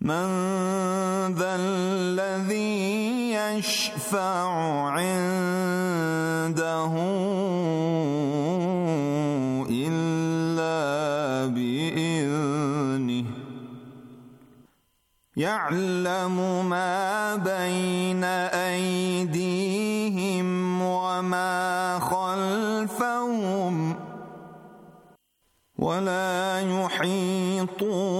من ذا الذي يشفع عنده إلا بإذنه يعلم ما بين أيديهم وما خلفهم ولا يحيطون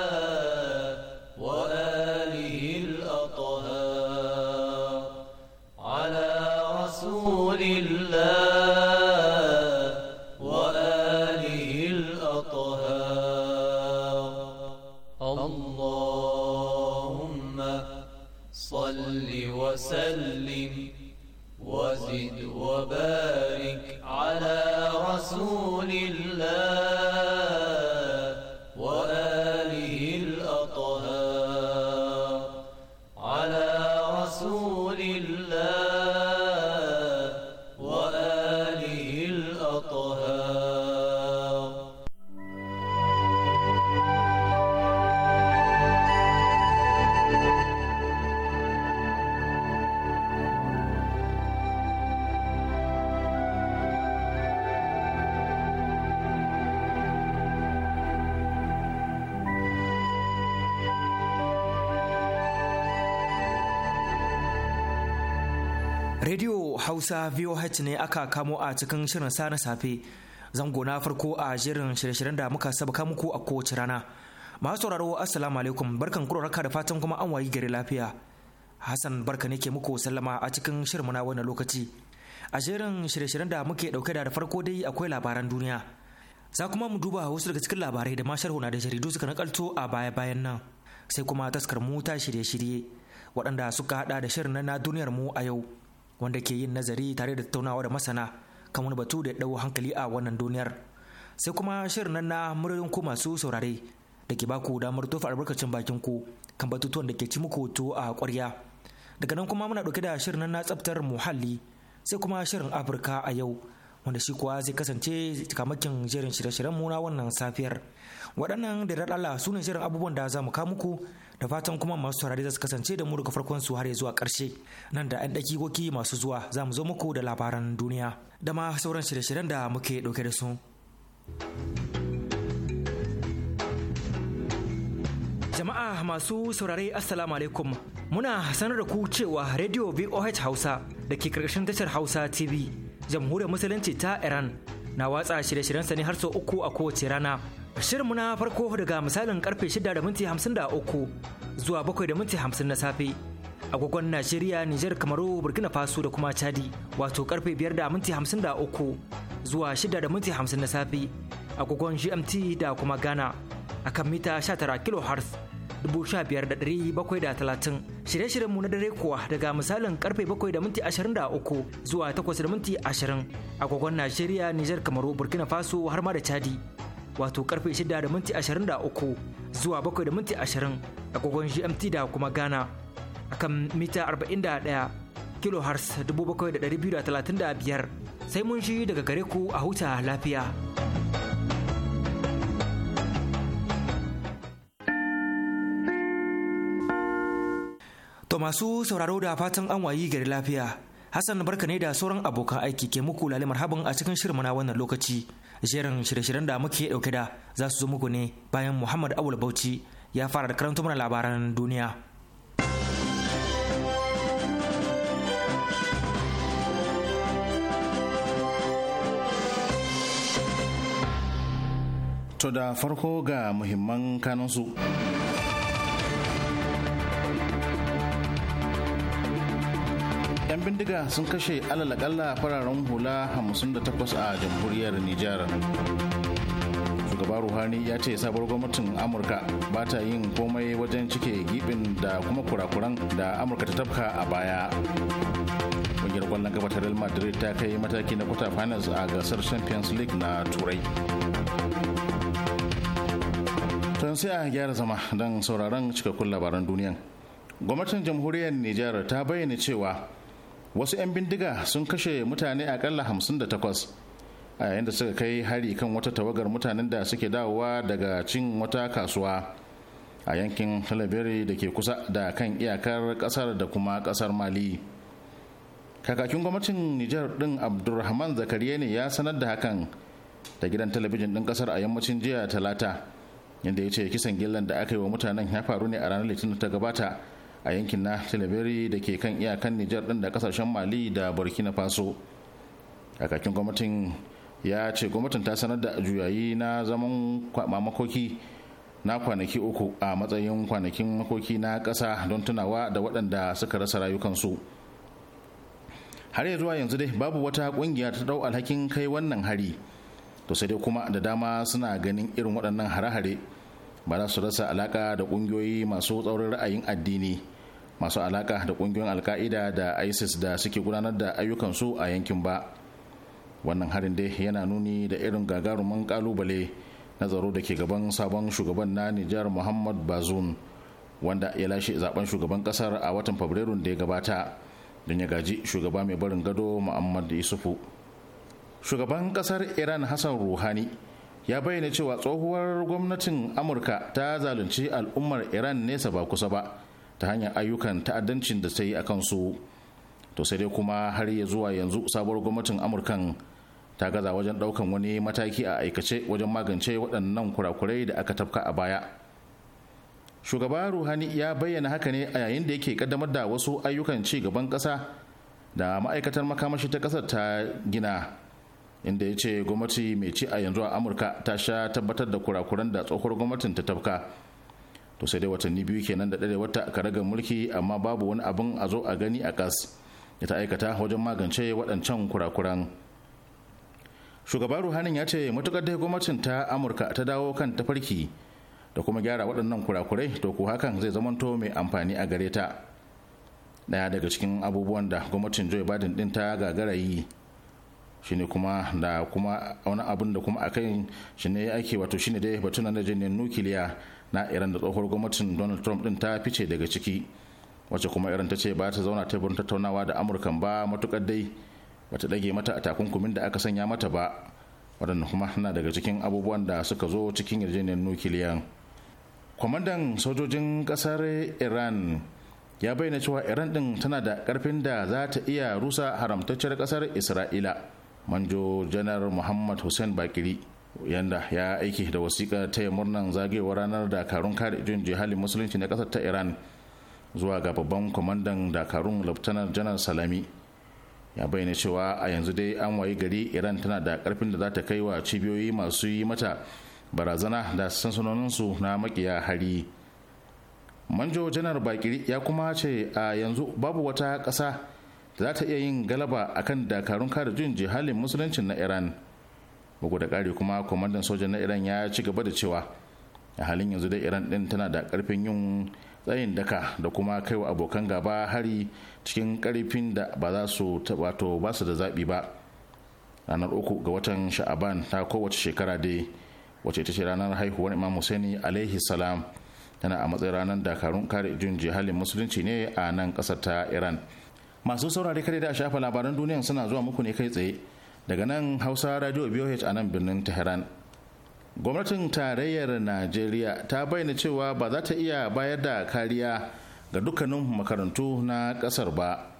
Hausa VOH ne aka kamo a cikin shirin sa safe. Zango na farko a jirin shirye-shiryen da muka sabaka muku a kowace rana. Masu sauraro Assalamu alaikum barkan kuro raka da fatan kuma an wayi gari lafiya. Hassan barka ne ke muku sallama a cikin shirin na wannan lokaci. A jirin shirye-shiryen da muke dauke da farko dai akwai labaran duniya. Za kuma mu duba wasu daga cikin labarai da ma na da jaridu suka nakalto a baya-bayan nan. Sai kuma taskar mu ta shirye-shirye waɗanda suka hada da shirin na duniyar mu a yau. wanda ke yin nazari tare da tattaunawa da masana kan wani batu da ya ɗau hankali a wannan duniyar sai kuma shirin nan na muryoyin ku masu saurare da ke baku damar tofa albarkacin bakin ku kan batutuwan da ke ci muku to a ƙwarya daga nan kuma muna ɗauke da shirin nan na tsaftar muhalli sai kuma shirin afirka a yau wanda shi kuwa zai kasance cikamakin jerin shirye-shiryen muna wannan safiyar waɗannan da Allah su ne shirin abubuwan da za mu kawo muku da fatan kuma masu saurari za su kasance da mu daga farkon su har zuwa karshe nan da 'yan dakikoki masu zuwa za mu zo muku da labaran duniya da ma sauran shirye-shiryen da muke ɗauke da su. Jama'a masu saurari Assalamu alaikum muna sanar da ku cewa Radio VOH Hausa da ke karkashin tashar Hausa TV jamhuriyar musulunci ta Iran na watsa shirye-shiryensa ne har sau uku a kowace rana Shirinmu na farko daga misalin karfe 6:53 da minti zuwa 7:50 da minti na safe. Agogon Najeriya, Nijar, Kamaru, Burkina Faso da kuma Chadi wato karfe 5:53 da minti zuwa 6:50 da minti na safe. Agogon GMT da kuma Ghana a kan mita 19 kHz 15730 shirye-shiryenmu na dare kuwa daga misalin karfe bakwai da minti uku zuwa takwas da minti ashirin agogon Najeriya, Nijar, Kamaru, Burkina Faso har ma da Chadi. wato karfe 6:23 da minti zuwa 7:20 da minti agogon GMT da kuma Ghana akan mita 41 kilohertz 7,235 sai mun shi daga gare ku a huta lafiya. To masu sauraro da fatan an wayi gari lafiya. Hassan barka ne da sauran abokan aiki ke muku lalimar habin a cikin shirmana na wannan lokaci. jerin shirye-shiryen da muke dauke da za su zo muku ne bayan muhammad awul bauchi ya fara da karanta mana labaran duniya to da farko ga muhimman kanunsu bindiga sun kashe alalakalla fararen hula 58 a jamhuriyar nijar shugaba ruhani ya ce sabuwar gwamnatin amurka ba ta yin komai wajen cike gibin da kuma kurakuran da amurka ta tafka a baya ƙungiyar kwallon gaba ta real madrid ta kai mataki na kwata finals a gasar champions league na turai tun sai a gyara zama don sauraron cikakkun labaran duniya gwamnatin jamhuriyar nijar ta bayyana cewa wasu 'yan bindiga sun kashe mutane akalla 58 a yayin da suka kai hari kan wata tawagar mutanen da suke dawowa daga cin wata kasuwa a yankin talabiri da ke kusa da kan iyakar kasar da kuma kasar mali kakakin gwamnatin nijar din abdulrahman zakariya ne ya sanar da hakan da gidan talabijin din kasar a yammacin jiya talata inda ya ce kisan gillan da aka yi wa mutanen ya faru ne a ranar litinin ta gabata a yankin na tilabiri da ke kan iyakan nijar din da kasashen mali da burkina faso kakakin gwamnatin ya ce gwamnatin ta sanar da juyayi na zaman makoki na kwanaki uku a matsayin kwanakin makoki na kasa don tunawa da waɗanda suka rasa rayukansu har ya zuwa yanzu dai babu wata ƙungiya ta ɗau alhakin kai wannan hari to sai dai kuma da dama suna ganin irin waɗannan hare-hare ba za su rasa alaka da ƙungiyoyi masu tsaurin ra'ayin addini masu alaka da kungiyoyin alka'ida da isis da suke gudanar da ayyukansu a yankin ba wannan harin dai yana nuni da irin gagarumin kalubale na tsaro da ke gaban sabon shugaban na nijar muhammad bazoum wanda ya lashe zaben shugaban kasar a watan fabrairun da ya gabata don ya gaji shugaba mai barin gado muhammad yusufu shugaban kasar iran hassan ruhani ya bayyana cewa tsohuwar gwamnatin amurka ta zalunci al'ummar iran nesa ba kusa ba ta hanyar ayyukan ta'addancin da ta yi a kansu to sai dai kuma har ya zuwa yanzu sabuwar gwamnatin amurkan ta gaza wajen daukan wani mataki a aikace wajen magance waɗannan kurakurai da aka tafka a baya shugaba ruhani ya bayyana haka ne a yayin da yake kaddamar da wasu ayyukan ci gaban ƙasa da ma'aikatar makamashi ta ƙasar ta gina inda ya ce gwamnati mai ci a yanzu a amurka ta sha tabbatar da kurakuran da tsohuwar gwamnatin ta tafka to sai dai watanni biyu kenan da dare wata karagar mulki amma babu wani abin a zo a gani a kas da ta aikata wajen magance waɗancan kurakuran shugaba ruhanin ya ce matukar dai gwamnatin ta amurka ta dawo kan tafarki da kuma gyara waɗannan kurakurai to ko hakan zai zamanto mai amfani a gare ta ɗaya daga cikin abubuwan da gwamnatin joe biden din ta gagara yi shine kuma da kuma wani abin da kuma akan shine ake wato shine dai batunan na nukiliya na iran da tsohuwar gwamnatin donald trump din ta fice daga ciki wacce kuma iran ta ce ba ta zauna teburin tattaunawa da amurkan ba matukar dai bata dage mata a takunkumin da aka sanya mata ba waɗanda kuma na daga cikin abubuwan da suka zo cikin yarjejeniyar nukiliya. kwamandan sojojin ƙasar iran ya bayyana cewa iran din tana da ƙarfin da za ta iya rusa haramtacciyar kasar isra'ila manjo janar muhammad hussein bakiri yanda ya aiki da wasiƙa ta murnan zagayowar ranar dakarun kare jin jihalin musulunci na ƙasar ta iran zuwa ga babban kwamandan dakarun laftanar janar salami ya bayyana cewa a yanzu dai an wayi gari iran tana da ƙarfin da za ta kai wa cibiyoyi masu yi mata barazana da sansanoninsu na makiya hari manjo janar bakiri ya kuma ce a yanzu babu wata ƙasa da za ta iya yin galaba akan dakarun kare jin jihalin musulunci na iran bugu da ƙari kuma kwamandan sojan na iran ya ci gaba da cewa a halin yanzu dai iran din tana da karfin yin tsayin daka da kuma kaiwa abokan gaba hari cikin karfin da ba za su wato ba su da zaɓi ba ranar uku ga watan sha'aban ta kowace shekara dai wace ita ce ranar haihuwar imam husaini alaihi salam tana a matsayin ranar dakarun kare jin jihalin musulunci ne a nan kasar ta iran masu saurari kare da shafa labaran duniya suna zuwa muku ne kai tsaye daga nan hausa radio BOH a nan birnin tehran gwamnatin tarayyar najeriya ta bayyana cewa ba za ta iya bayar da kariya ga dukkanin makarantu na kasar ba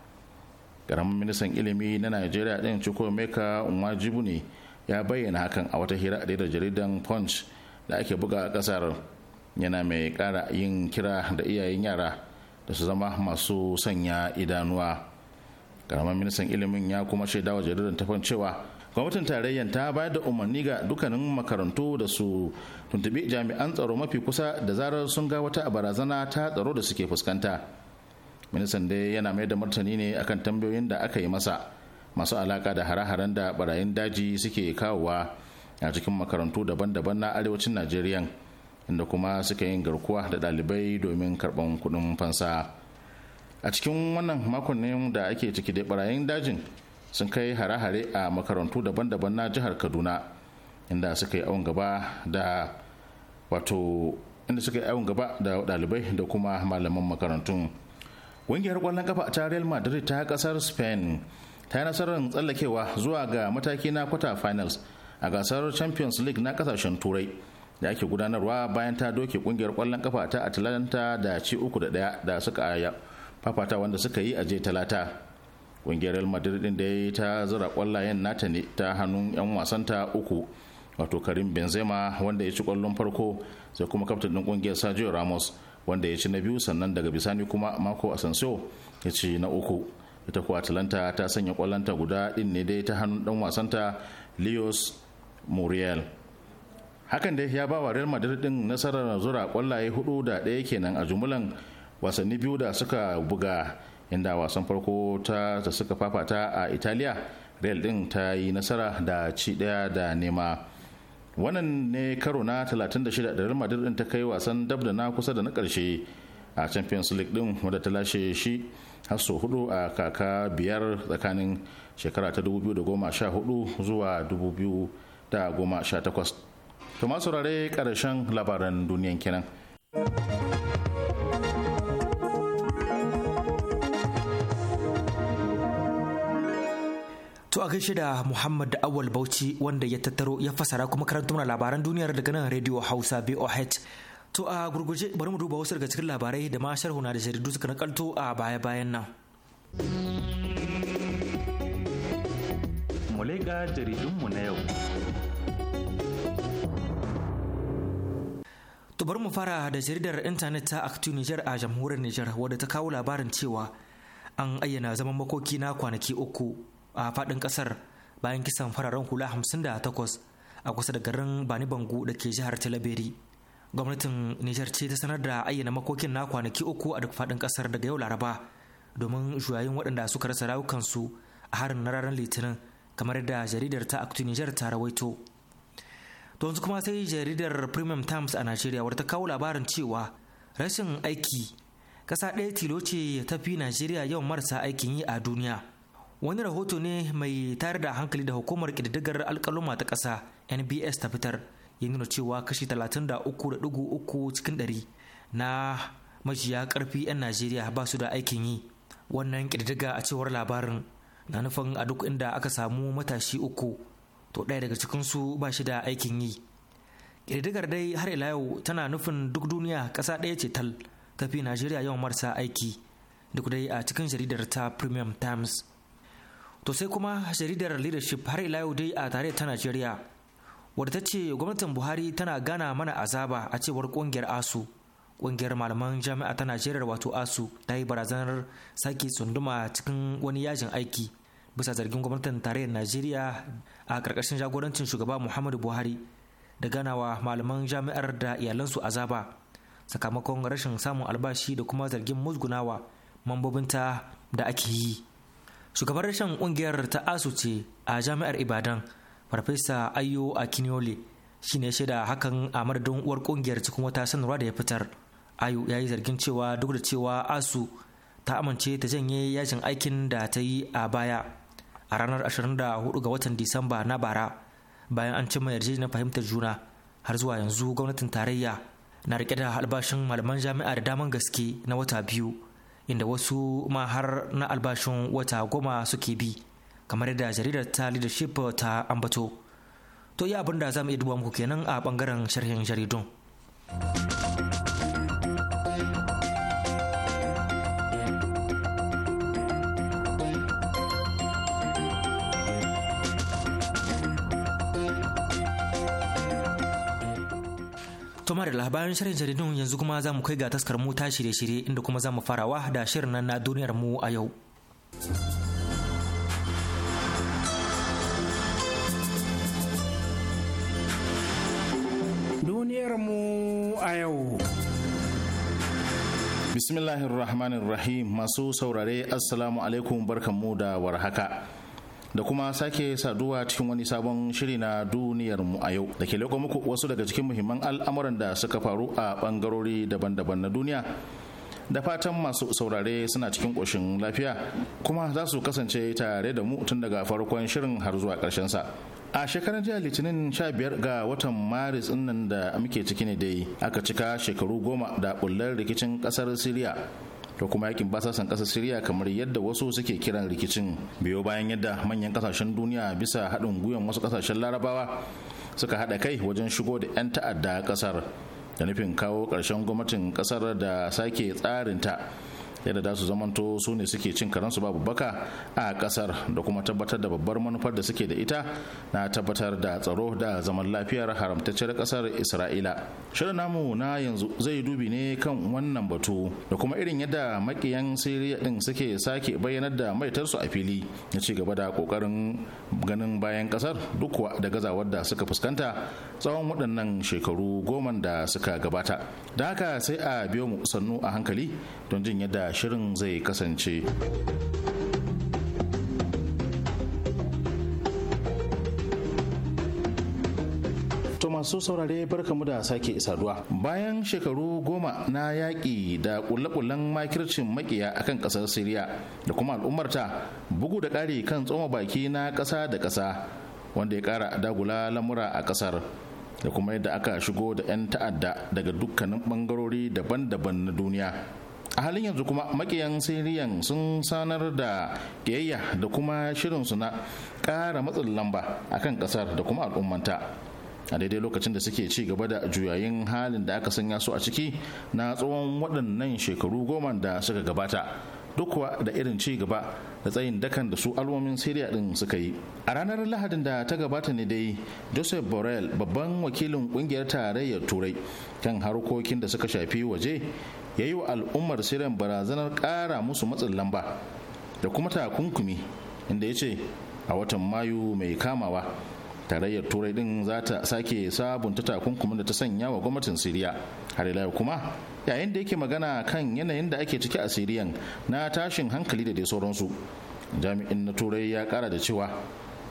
karamin ministan ilimi na najeriya din ciko meka wajibu ne ya bayyana hakan a wata hira da jaridan punch da ake buga a kasar yana mai kara yin kira da iyayen yara da su zama masu sanya idanuwa. karamar ministan ilimin ya kuma shaida wa jaridar tafan cewa gwamnatin tarayyar ta bayar da umarni ga dukkanin makarantu da su tuntubi jami'an tsaro mafi kusa da zarar sun ga wata barazana ta tsaro da suke fuskanta ministan dai yana mai da martani ne akan tambayoyin da aka yi masa masu alaka da hare-haren da barayin daji suke kawowa a cikin makarantu daban-daban na arewacin najeriya inda kuma suka yin garkuwa da ɗalibai domin karɓan kuɗin fansa. a cikin wannan makon da ake ciki da barayin dajin sun kai hare-hare a makarantu daban-daban na jihar kaduna inda suka yi awon gaba da wato inda suka yi awon gaba da ɗalibai da kuma malaman makarantun ƙungiyar ƙwallon kafa ta real madrid ta kasar spain ta yi nasarar tsallakewa zuwa ga mataki na kwata finals a gasar champions league na kasashen turai da ake gudanarwa bayan ta doke ƙungiyar kwallon kafa ta atlanta da ci uku da ɗaya da suka fafata wanda suka yi a je talata ƙungiyar real madrid din da yi ta zura ƙwallayen nata ne ta hannun 'yan wasanta uku wato karim benzema wanda ya ci ƙwallon farko sai kuma kaftin din ƙungiyar sergio ramos wanda ya ci na biyu sannan daga bisani kuma mako asensio ya ci na uku ita kuwa atalanta ta sanya ƙwallonta guda ɗin ne dai ta hannun ɗan wasanta leos muriel hakan dai ya ba wa real madrid din nasarar zura ƙwallaye hudu da ɗaya kenan a jumulan wasanni biyu da suka buga inda wasan farko ta da suka fafata a italiya real din ta yi nasara da ci daya da nema wannan ne karo na 36 da real madrid din ta kai wasan dab na kusa da na karshe a champions league din wadda ta lashe shi har sau hudu a kaka biyar tsakanin shekara ta 2014 zuwa 2018 to masu rare karshen labaran duniyan kenan To a gaishe da Muhammad da Awal Bauchi wanda ya tattaro ya fasara kuma karanta mana labaran duniyar daga nan Radio Hausa BOH. To a gurguje bari mu duba wasu daga cikin labarai da ma sharhuna da jaridu suka nakalto a baya-bayan nan. Mu lega jaridunmu na yau. To bari mu fara da jaridar intanet ta Actu Niger a jamhuriyar Niger wadda ta kawo labarin cewa an ayyana zaman makoki na kwanaki uku a faɗin ƙasar bayan kisan fararen hula 58 a kusa da garin bani bangu da ke jihar talabiri gwamnatin nijar ce ta sanar da ayyana makokin na kwanaki uku a duk faɗin ƙasar daga yau laraba domin juyayin waɗanda suka rasa rayukansu a harin na ranar litinin kamar da jaridar ta aktu nijar ta rawaito to yanzu kuma sai jaridar premium times a najeriya wadda kawo labarin cewa rashin aiki ƙasa ɗaya tilo ce tafi najeriya yawan marasa aikin yi a duniya wani rahoto ne mai tayar da hankali da hukumar ƙididdigar alkaluma ta ƙasa nbs ta fitar ya nuna cewa kashi 33.3 cikin ɗari na majiya ƙarfi 'yan najeriya ba su da aikin yi wannan ƙididdiga a cewar labarin na nufin a duk inda aka samu matashi uku to ɗaya daga cikinsu ba shi da aikin yi ƙididdigar dai har ila yau tana nufin duk duniya ƙasa ɗaya ce tal tafi najeriya yawan marasa aiki duk dai a cikin jaridar ta premium times to sai kuma jaridar leadership har ila yau dai a tare ta najeriya wadda ta ce gwamnatin buhari tana gana mana azaba a cewar kungiyar asu kungiyar malaman jami'a ta najeriya wato asu ta yi barazanar sake tsunduma cikin wani yajin aiki bisa zargin gwamnatin tarayyar najeriya a karkashin jagorancin shugaba muhammadu buhari da ganawa malaman jami'ar da iyalansu azaba sakamakon rashin samun albashi da kuma zargin musgunawa mambobinta da ake yi Shugaban rashin kungiyar ta asu ce a jami'ar ibadan farfesa ayo akinyole shi ne shaida hakan a madadin uwar kungiyar cikin wata sanarwa da ya fitar ayo ya yi zargin cewa duk da cewa asu ta amince ta janye yajin aikin da ta yi a baya a ranar 24 ga watan disamba na bara bayan an cimma yarjejeniyar fahimtar juna har zuwa yanzu gwamnatin tarayya na rike da albashin malaman jami'a da daman gaske na wata biyu inda wasu ma har na albashin wata goma suke bi kamar yadda jaridar ta leadership ta ambato to yi abin da za mu iya duba muku kenan a bangaren sharhin jaridun. To da labarin shirin jaridun yanzu kuma za mu kai ga taskar mu ta shirye-shirye inda kuma za mu farawa da shirin nan na duniyar mu a yau. Duniyar mu a yau. Bismillahirrahmanirrahim masu saurare Assalamu alaikum barkanmu da warhaka. da kuma sake saduwa cikin wani sabon shiri na duniyar mu a yau da ke leƙo muku wasu daga cikin muhimman al'amuran da suka faru a bangarori daban-daban na duniya da fatan masu saurare suna cikin ƙoshin lafiya kuma za su kasance tare da mu tun daga farkon shirin har zuwa ƙarshen sa a shekarar jiya litinin 15 ga watan maris nan da muke ciki ne dai aka cika shekaru goma da bullar rikicin ƙasar siriya da kuma yakin basasan kasar Siriya kamar yadda wasu suke kiran rikicin biyo bayan yadda manyan kasashen duniya bisa haɗin gwiwan wasu kasashen larabawa suka haɗa kai wajen shigo da 'yan ta'adda kasar da nufin kawo ƙarshen gwamnatin kasar da sake tsarinta yadda da su zamanto su ne suke cin karansu babu baka a kasar da kuma tabbatar da babbar manufar da suke da ita na tabbatar da tsaro da zaman lafiyar haramtacciyar kasar isra'ila shirin namu na yanzu zai dubi ne kan wannan batu da kuma irin yadda makiyan siriya din suke sake bayyanar da maitarsu a fili na ci gaba da kokarin ganin bayan kasar duk kuwa da gazawar da suka fuskanta tsawon waɗannan shekaru goma da suka gabata da haka sai a biyo mu sannu a hankali don jin yadda shirin zai kasance masu saurare barkamu da sake saduwa bayan shekaru goma na yaƙi da ƙulle-ƙullen makircin makiya kan ƙasar siriya da kuma al'ummarta bugu da ƙari kan tsoma baki na ƙasa da ƙasa wanda ya ƙara dagula lamura a ƙasar da kuma yadda aka shigo da 'yan ta'adda daga dukkanin ɓangarori daban-daban na duniya a halin yanzu kuma makiyan siriyan sun sanar da kiyayya da kuma shirinsu na ƙara matsin lamba a kan ƙasar da kuma al'ummanta a daidai lokacin da suke ci gaba da juyayin halin da aka sanya su a ciki na tsawon waɗannan shekaru goma da suka gabata duk kuwa da irin ci gaba da tsayin dakan da su alwamin siriya din suka yi a ranar lahadin da ta gabata ne dai joseph borrell babban wakilin kungiyar tarayyar turai kan harkokin da suka shafi waje ya yi wa al'ummar shirin barazanar ƙara musu matsin lamba da kuma takunkumi inda ya ce a watan Mayu mai kamawa tarayyar turai din za ta sake sabunta takunkumin da ta sanya wa gwamnatin siriya har ila kuma yayin da yake magana kan yanayin da ake ciki a siriyan na tashin hankali da dai sauransu jami'in na turai ya kara da cewa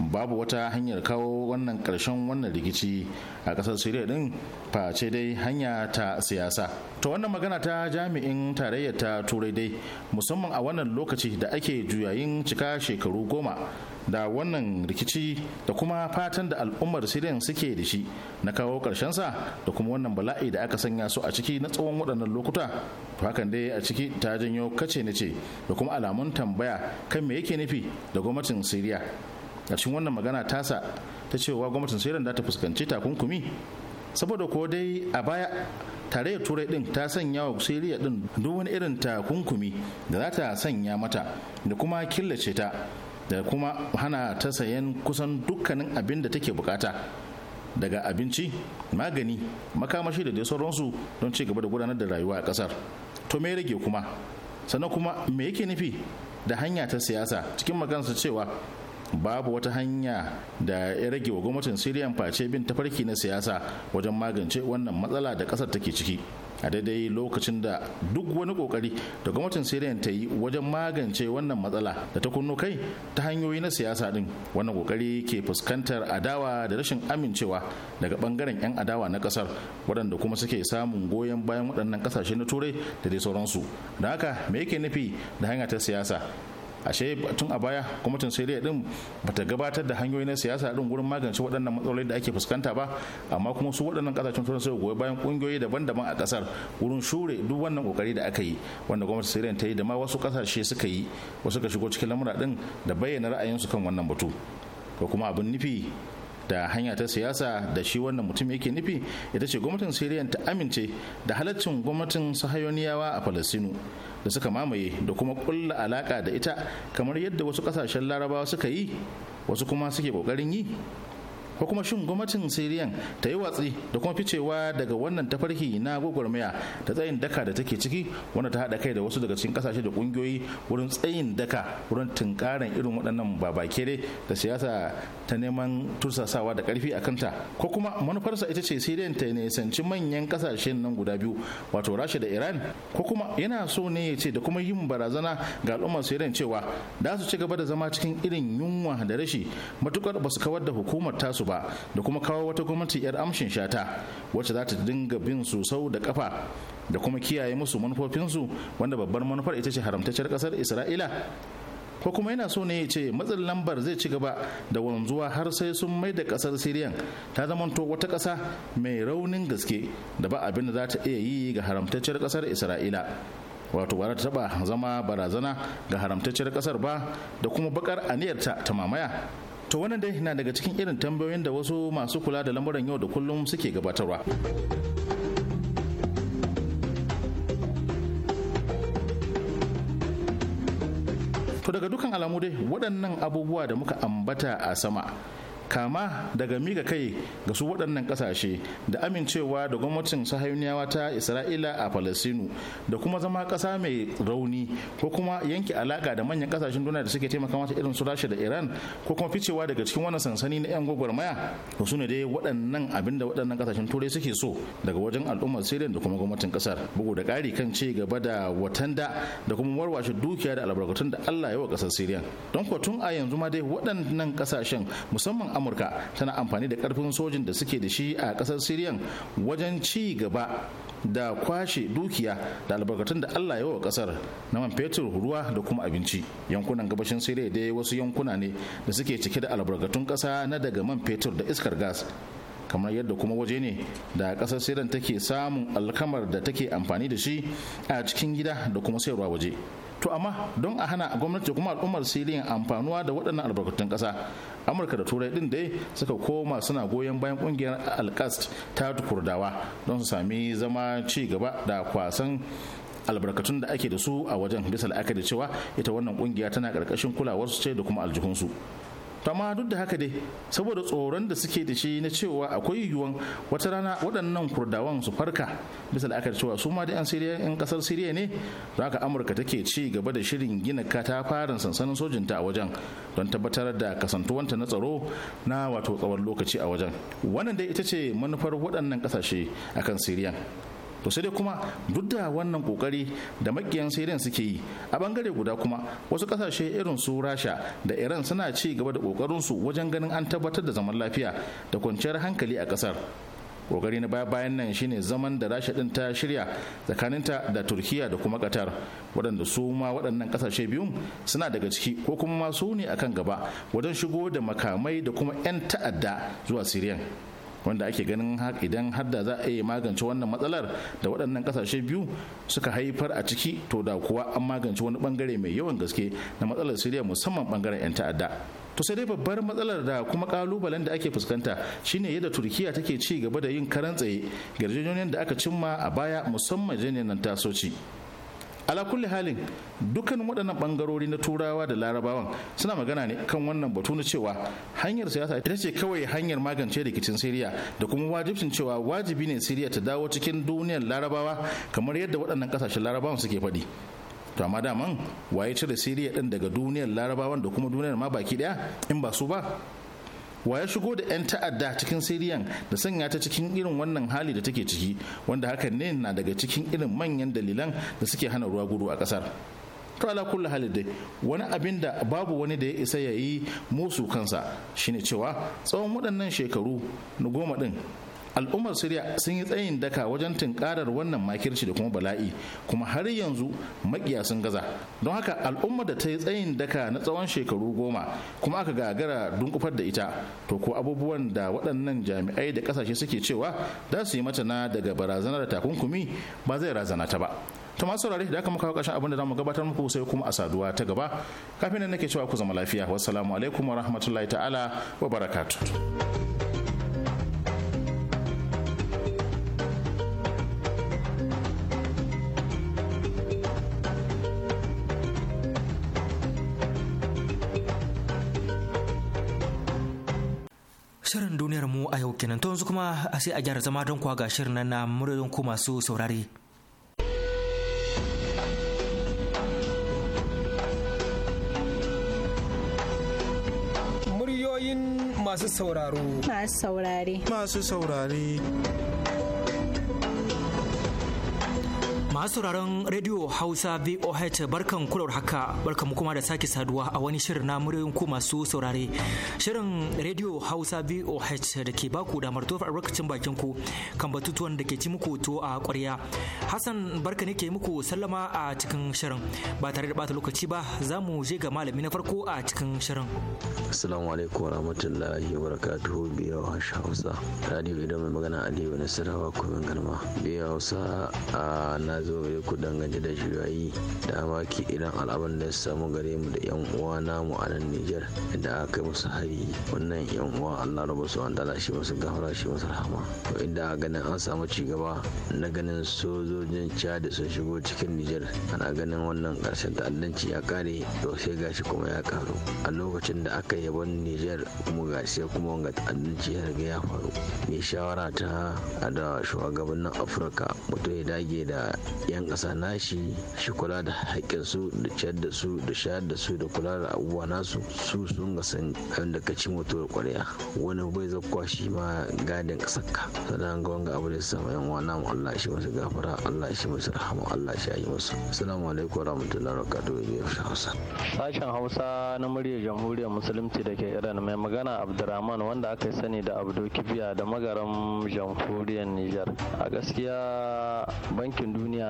babu wata hanyar kawo wannan karshen wannan rikici a ƙasar siriya din face dai hanya ta siyasa ta wannan magana ta jami'in tarayyar ta turai dai musamman a wannan lokaci da ake juyayin cika shekaru goma da wannan rikici da kuma fatan da al'ummar siriyan suke da shi na kawo sa da kuma wannan bala'i da aka sanya su a ciki na tsawon waɗannan lokuta to hakan dai a ciki ta janyo kace ne ce da kuma alamun tambaya kan me yake nufi da gwamnatin siriya a cikin wannan magana tasa ta cewa gwamnatin sweden za ta fuskanci takunkumi saboda ko dai a baya tarayyar turai din ta sanya wa siriya din duk wani irin takunkumi da za ta sanya mata da kuma killace ta da kuma hana ta sayan kusan dukkanin abin da take bukata daga abinci magani makamashi da dai sauransu don ci gaba da gudanar da rayuwa a kasar to me rage kuma sannan kuma me yake nufi da hanya ta siyasa cikin maganarsa cewa babu wata hanya da ya rage wa gwamnatin siriyan face bin tafarki na siyasa wajen magance wannan matsala da kasar take ciki a daidai lokacin da duk wani kokari da gwamnatin siriyan ta yi wajen magance wannan matsala da ta kunno kai ta hanyoyi na siyasa din wannan kokari ke fuskantar adawa da rashin amincewa daga bangaren yan adawa na kasar waɗanda kuma suke samun goyon bayan waɗannan kasashe na turai da dai sauransu da haka me yake nufi da hanya ta siyasa ashe tun a baya gwamnatin siriya din bata gabatar da hanyoyi na siyasa din wurin magance waɗannan matsaloli da ake fuskanta ba amma kuma su waɗannan ƙasashen turai sai goyi bayan ƙungiyoyi daban-daban a ƙasar wurin shure duk wannan kokari da aka yi wanda gwamnatin siriya ta yi da ma wasu ƙasashe suka yi wasu suka shigo cikin lamura din da bayyana ra'ayinsu kan wannan batu ko kuma abin nufi da hanya ta siyasa da shi wannan mutum yake nufi ita ce gwamnatin siriyan ta amince da halaccin gwamnatin sahayoniyawa a falasinu da suka mamaye da kuma kulla alaka da ita kamar yadda wasu kasashen larabawa suka yi wasu kuma suke kokarin yi ko kuma shin gwamnatin siriyan ta yi watsi da kuma ficewa daga wannan tafarki na gwagwarmaya ta tsayin daka da take ciki wanda ta haɗa kai da wasu daga cikin ƙasashe da ƙungiyoyi wurin tsayin daka wurin tunkaran irin waɗannan babakere da siyasa ta neman tursasawa da ƙarfi a kanta ko kuma manufarsa ita ce siriyan ta nisanci manyan kasashen nan guda biyu wato rasha da iran ko kuma yana so ne ya ce da kuma yin barazana ga al'ummar siriyan cewa da su ci gaba da zama cikin irin yunwa da rashi matukar ba su kawar da hukumar tasu ba da kuma kawo wata gwamnati 'yar amshin shata wacce za ta dinga bin su sau da kafa da kuma kiyaye musu manufofinsu wanda babbar manufar ita ce haramtacciyar kasar isra'ila ko kuma yana so ne ya ce matsin lambar zai ci gaba da wanzuwa har sai sun mai da kasar siriyan ta zamanto wata kasa mai raunin gaske da ba abin da za ta iya yi ga haramtacciyar kasar isra'ila wato ba ta taba zama barazana ga haramtacciyar kasar ba da kuma bakar aniyarta ta mamaya to wannan dai na daga cikin irin tambayoyin da wasu masu kula da lamuran yau da kullum suke gabatarwa to daga dukan alamu dai waɗannan abubuwa da muka ambata a sama kama daga miƙa kai ga su waɗannan ƙasashe da amincewa da gwamnatin sahayuniyawa ta isra'ila a falasinu da kuma zama ƙasa mai rauni ko kuma yanke alaƙa da manyan ƙasashen duniya da suke taimaka mata irin su rasha da iran ko kuma ficewa daga cikin wannan sansani na 'yan gwagwarmaya to su ne dai waɗannan abin da waɗannan ƙasashen turai suke so daga wajen al'ummar siriya da kuma gwamnatin ƙasar bugu da ƙari kan ci gaba da watanda da kuma warwashe dukiya da albarkatun da allah ya wa ƙasar siriya don kuwa tun a yanzu ma dai waɗannan ƙasashen musamman amurka tana amfani da karfin sojin da suke da shi a kasar siriyan wajen ci gaba da kwashe dukiya da albarkatun da allah ya wa kasar na man fetur ruwa da kuma abinci yankunan gabashin siriya dai wasu yankuna ne da suke cike da albarkatun kasa na daga man fetur da iskar gas kamar yadda kuma waje ne da kasar siran take samun alkamar da take amfani da shi a cikin gida da kuma sayarwa waje to amma don a hana gwamnati kuma al'ummar siriya amfanuwa da waɗannan albarkatun ƙasa amurka da turai din dai suka koma suna goyon bayan ƙungiyar alkast ta tukurdawa don su sami zama ci gaba da kwasan albarkatun da ake da su a wajen bisa la'akari cewa ita wannan kungiya tana ƙarƙashin kulawarsu ce da kuma aljihunsu to amma duk da haka dai saboda tsoron da suke da shi na cewa akwai yiwuwan wata rana waɗannan kurdawan su farka bisa da aka cewa su ma da 'yan siriya 'yan kasar siriya ne don haka amurka take ci gaba da shirin gina katafaren sansanin sojinta a wajen don tabbatar da kasantuwanta na tsaro na wato tsawon lokaci a wajen wannan dai ita ce manufar waɗannan ƙasashe akan siriyan to sai dai kuma duk da wannan kokari da makiyan siriyan suke yi a bangare guda kuma wasu kasashe irin su rasha da iran suna ci gaba da kokarinsu wajen ganin an tabbatar da zaman lafiya da kwanciyar hankali a kasar kokari na baya bayan nan shine zaman da rasha din ta shirya tsakaninta da turkiya da kuma qatar waɗanda su ma waɗannan kasashe biyun suna daga ciki ko kuma su ne akan gaba wajen shigo da makamai da kuma 'yan ta'adda zuwa siriyan wanda ake ganin idan har da za a iya magance wannan matsalar da waɗannan ƙasashe biyu suka haifar a ciki to da kuwa an magance wani bangare mai yawan gaske na matsalar siriya musamman bangaren 'yan ta'adda to sai dai babbar matsalar da kuma kalubalen da ake fuskanta shine yadda turkiya take ci gaba da yin karan tsaye da aka cimma a baya musamman jinin nan tasoci ala kulli halin dukkan waɗannan bangarori na turawa da larabawan suna magana ne kan wannan batu na cewa hanyar siyasa ita ce kawai hanyar magance rikicin siriya da kuma wajibcin cewa wajibi ne siriya ta dawo cikin duniyar larabawa kamar yadda waɗannan ƙasashen larabawan suke faɗi to amma daman waye cire siriya din daga duniyar larabawan da kuma duniyar ma baki ɗaya in ba su ba wa ya shigo da 'yan ta'adda cikin siriyan da sanya ta cikin irin wannan hali da take ciki wanda hakan ne na daga cikin irin manyan dalilan da suke hana ruwa gudu a kasar to ala kulli hali dai wani abin da babu wani da ya isa ya yi musu kansa shine cewa tsawon waɗannan shekaru na goma ɗin al'ummar siriya sun yi tsayin daka wajen tunkarar wannan makirci da kuma bala'i kuma har yanzu makiya sun gaza don haka al'ummar da ta yi tsayin daka na tsawon shekaru goma kuma aka gagara dunkufar da ita to ko abubuwan da waɗannan jami'ai da ƙasashe suke cewa za su yi mata na daga barazanar takunkumi ba zai razana ta ba to masu saurare da aka kawo ƙarshen abin da zamu gabatar muku sai kuma a saduwa ta gaba kafin nan nake cewa ku zama lafiya wassalamu alaikum wa ta'ala wa barakatuh Shirin duniyar mu a yau kenan to yanzu kuma a sai a gyara zama don kuwa ga shirin nan na muryoyin ku masu saurare. Muryoyin masu sauraro. Masu saurare. Masu saurare. Masu sauraron Radio Hausa VOH barkan kular haka barkan mu kuma da sake saduwa a wani shirin na muryoyin ku masu saurare. Shirin Radio Hausa VOH da ke baku damar tofa albarkacin bakin ku kan batutuwan da ke ci muku to a ƙwarya. Hassan barka ne ke muku sallama a cikin shirin ba tare da bata lokaci ba za mu je ga malami na farko a cikin shirin. Assalamu alaikum warahmatullahi wabarakatuhu biyo Hausa. Radio idan mai magana Aliyu Nasirawa kuma garma. Biyo Hausa a zo ya ku gani da shirayi da amaki idan al'aban da ya samu gare mu da yan uwa namu a nan Nijar da aka musu hari wannan yan uwa Allah rabu su an dala shi musu gafara shi musu rahama to inda ganin an samu cigaba na ganin sojojin Chad sun shigo cikin Nijar ana ganin wannan karshen ta'addanci ya kare to sai gashi kuma ya karu a lokacin da aka yaban Nijar kuma gashi kuma wanga ta'addanci ya riga ya faru mai shawara ta da shugabannin Afirka mutum ya dage da 'yan ƙasa nashi shi kula da su da ciyar da su da shayar da su da kula da abubuwa nasu su sun ga san da ka ci mutuwar ƙwarya wani bai zakwa shi ma gadin ƙasarka sannan ga wanga abu da su sama yan uwa namu Allah shi musu gafara Allah shi musu rahama Allah shi yi musu assalamu alaikum barakatuhu wabarakatuh biyar Hausa sashen Hausa na muryar jamhuriyar musulunci da ke Iran mai magana Abdurrahman wanda aka sani da Abdul Kibiya da magaran jamhuriyar Nijar a gaskiya bankin duniya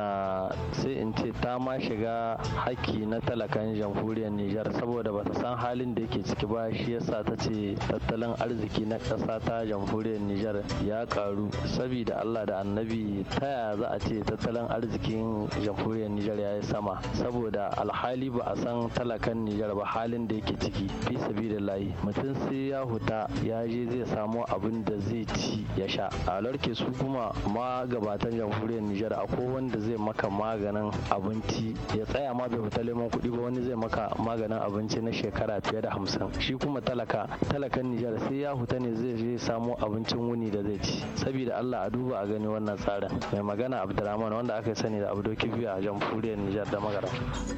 sai in ce ta ma shiga haki na talakan jamhuriyar Nijar saboda bata san halin da yake ciki ba shi yasa ta ce tattalin arziki na ƙasa ta jamhuriyar Nijar ya ƙaru saboda Allah da annabi ta ya za a ce tattalin arzikin jamhuriyar Nijar ya yi sama saboda alhali ba a san talakan Nijar ba halin da yake ciki fi layi mutum sai ya huta ya je zai samo abin da zai ci ya sha a larke su kuma ma gabatan jamhuriyar Nijar akwai wanda zai maka maganin abinci ya tsaya ma bai fita neman kuɗi ba wani zai maka maganin abinci na shekara fiye da hamsin shi kuma talaka talakan nijar sai ya huta ne zai je samo abincin wuni da zai ci saboda allah a duba a gani wannan tsarin mai magana abdulrahman wanda aka sani da abdo kibiya a jamhuriyar nijar da magara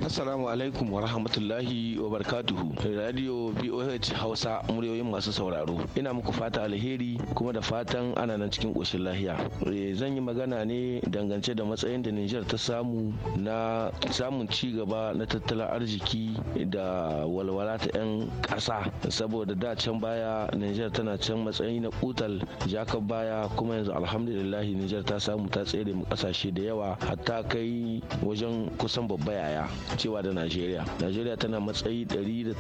assalamu alaikum wa rahmatullahi wa barakatuhu radio boh hausa muryoyin masu sauraro ina muku fata alheri kuma da fatan ana nan cikin ƙoshin lahiya eh, zan yi magana ne dangance da matsayin da niger ta samu na samun ci gaba na tattalin arziki da walwala ta 'yan ƙasa saboda da can baya niger tana can matsayi na kutal jakar baya kuma yanzu alhamdulillah niger ta samu ta tsere mu kasashe da yawa hatta kai wajen kusan babba yaya cewa da Najeriya. Najeriya tana matsayi 131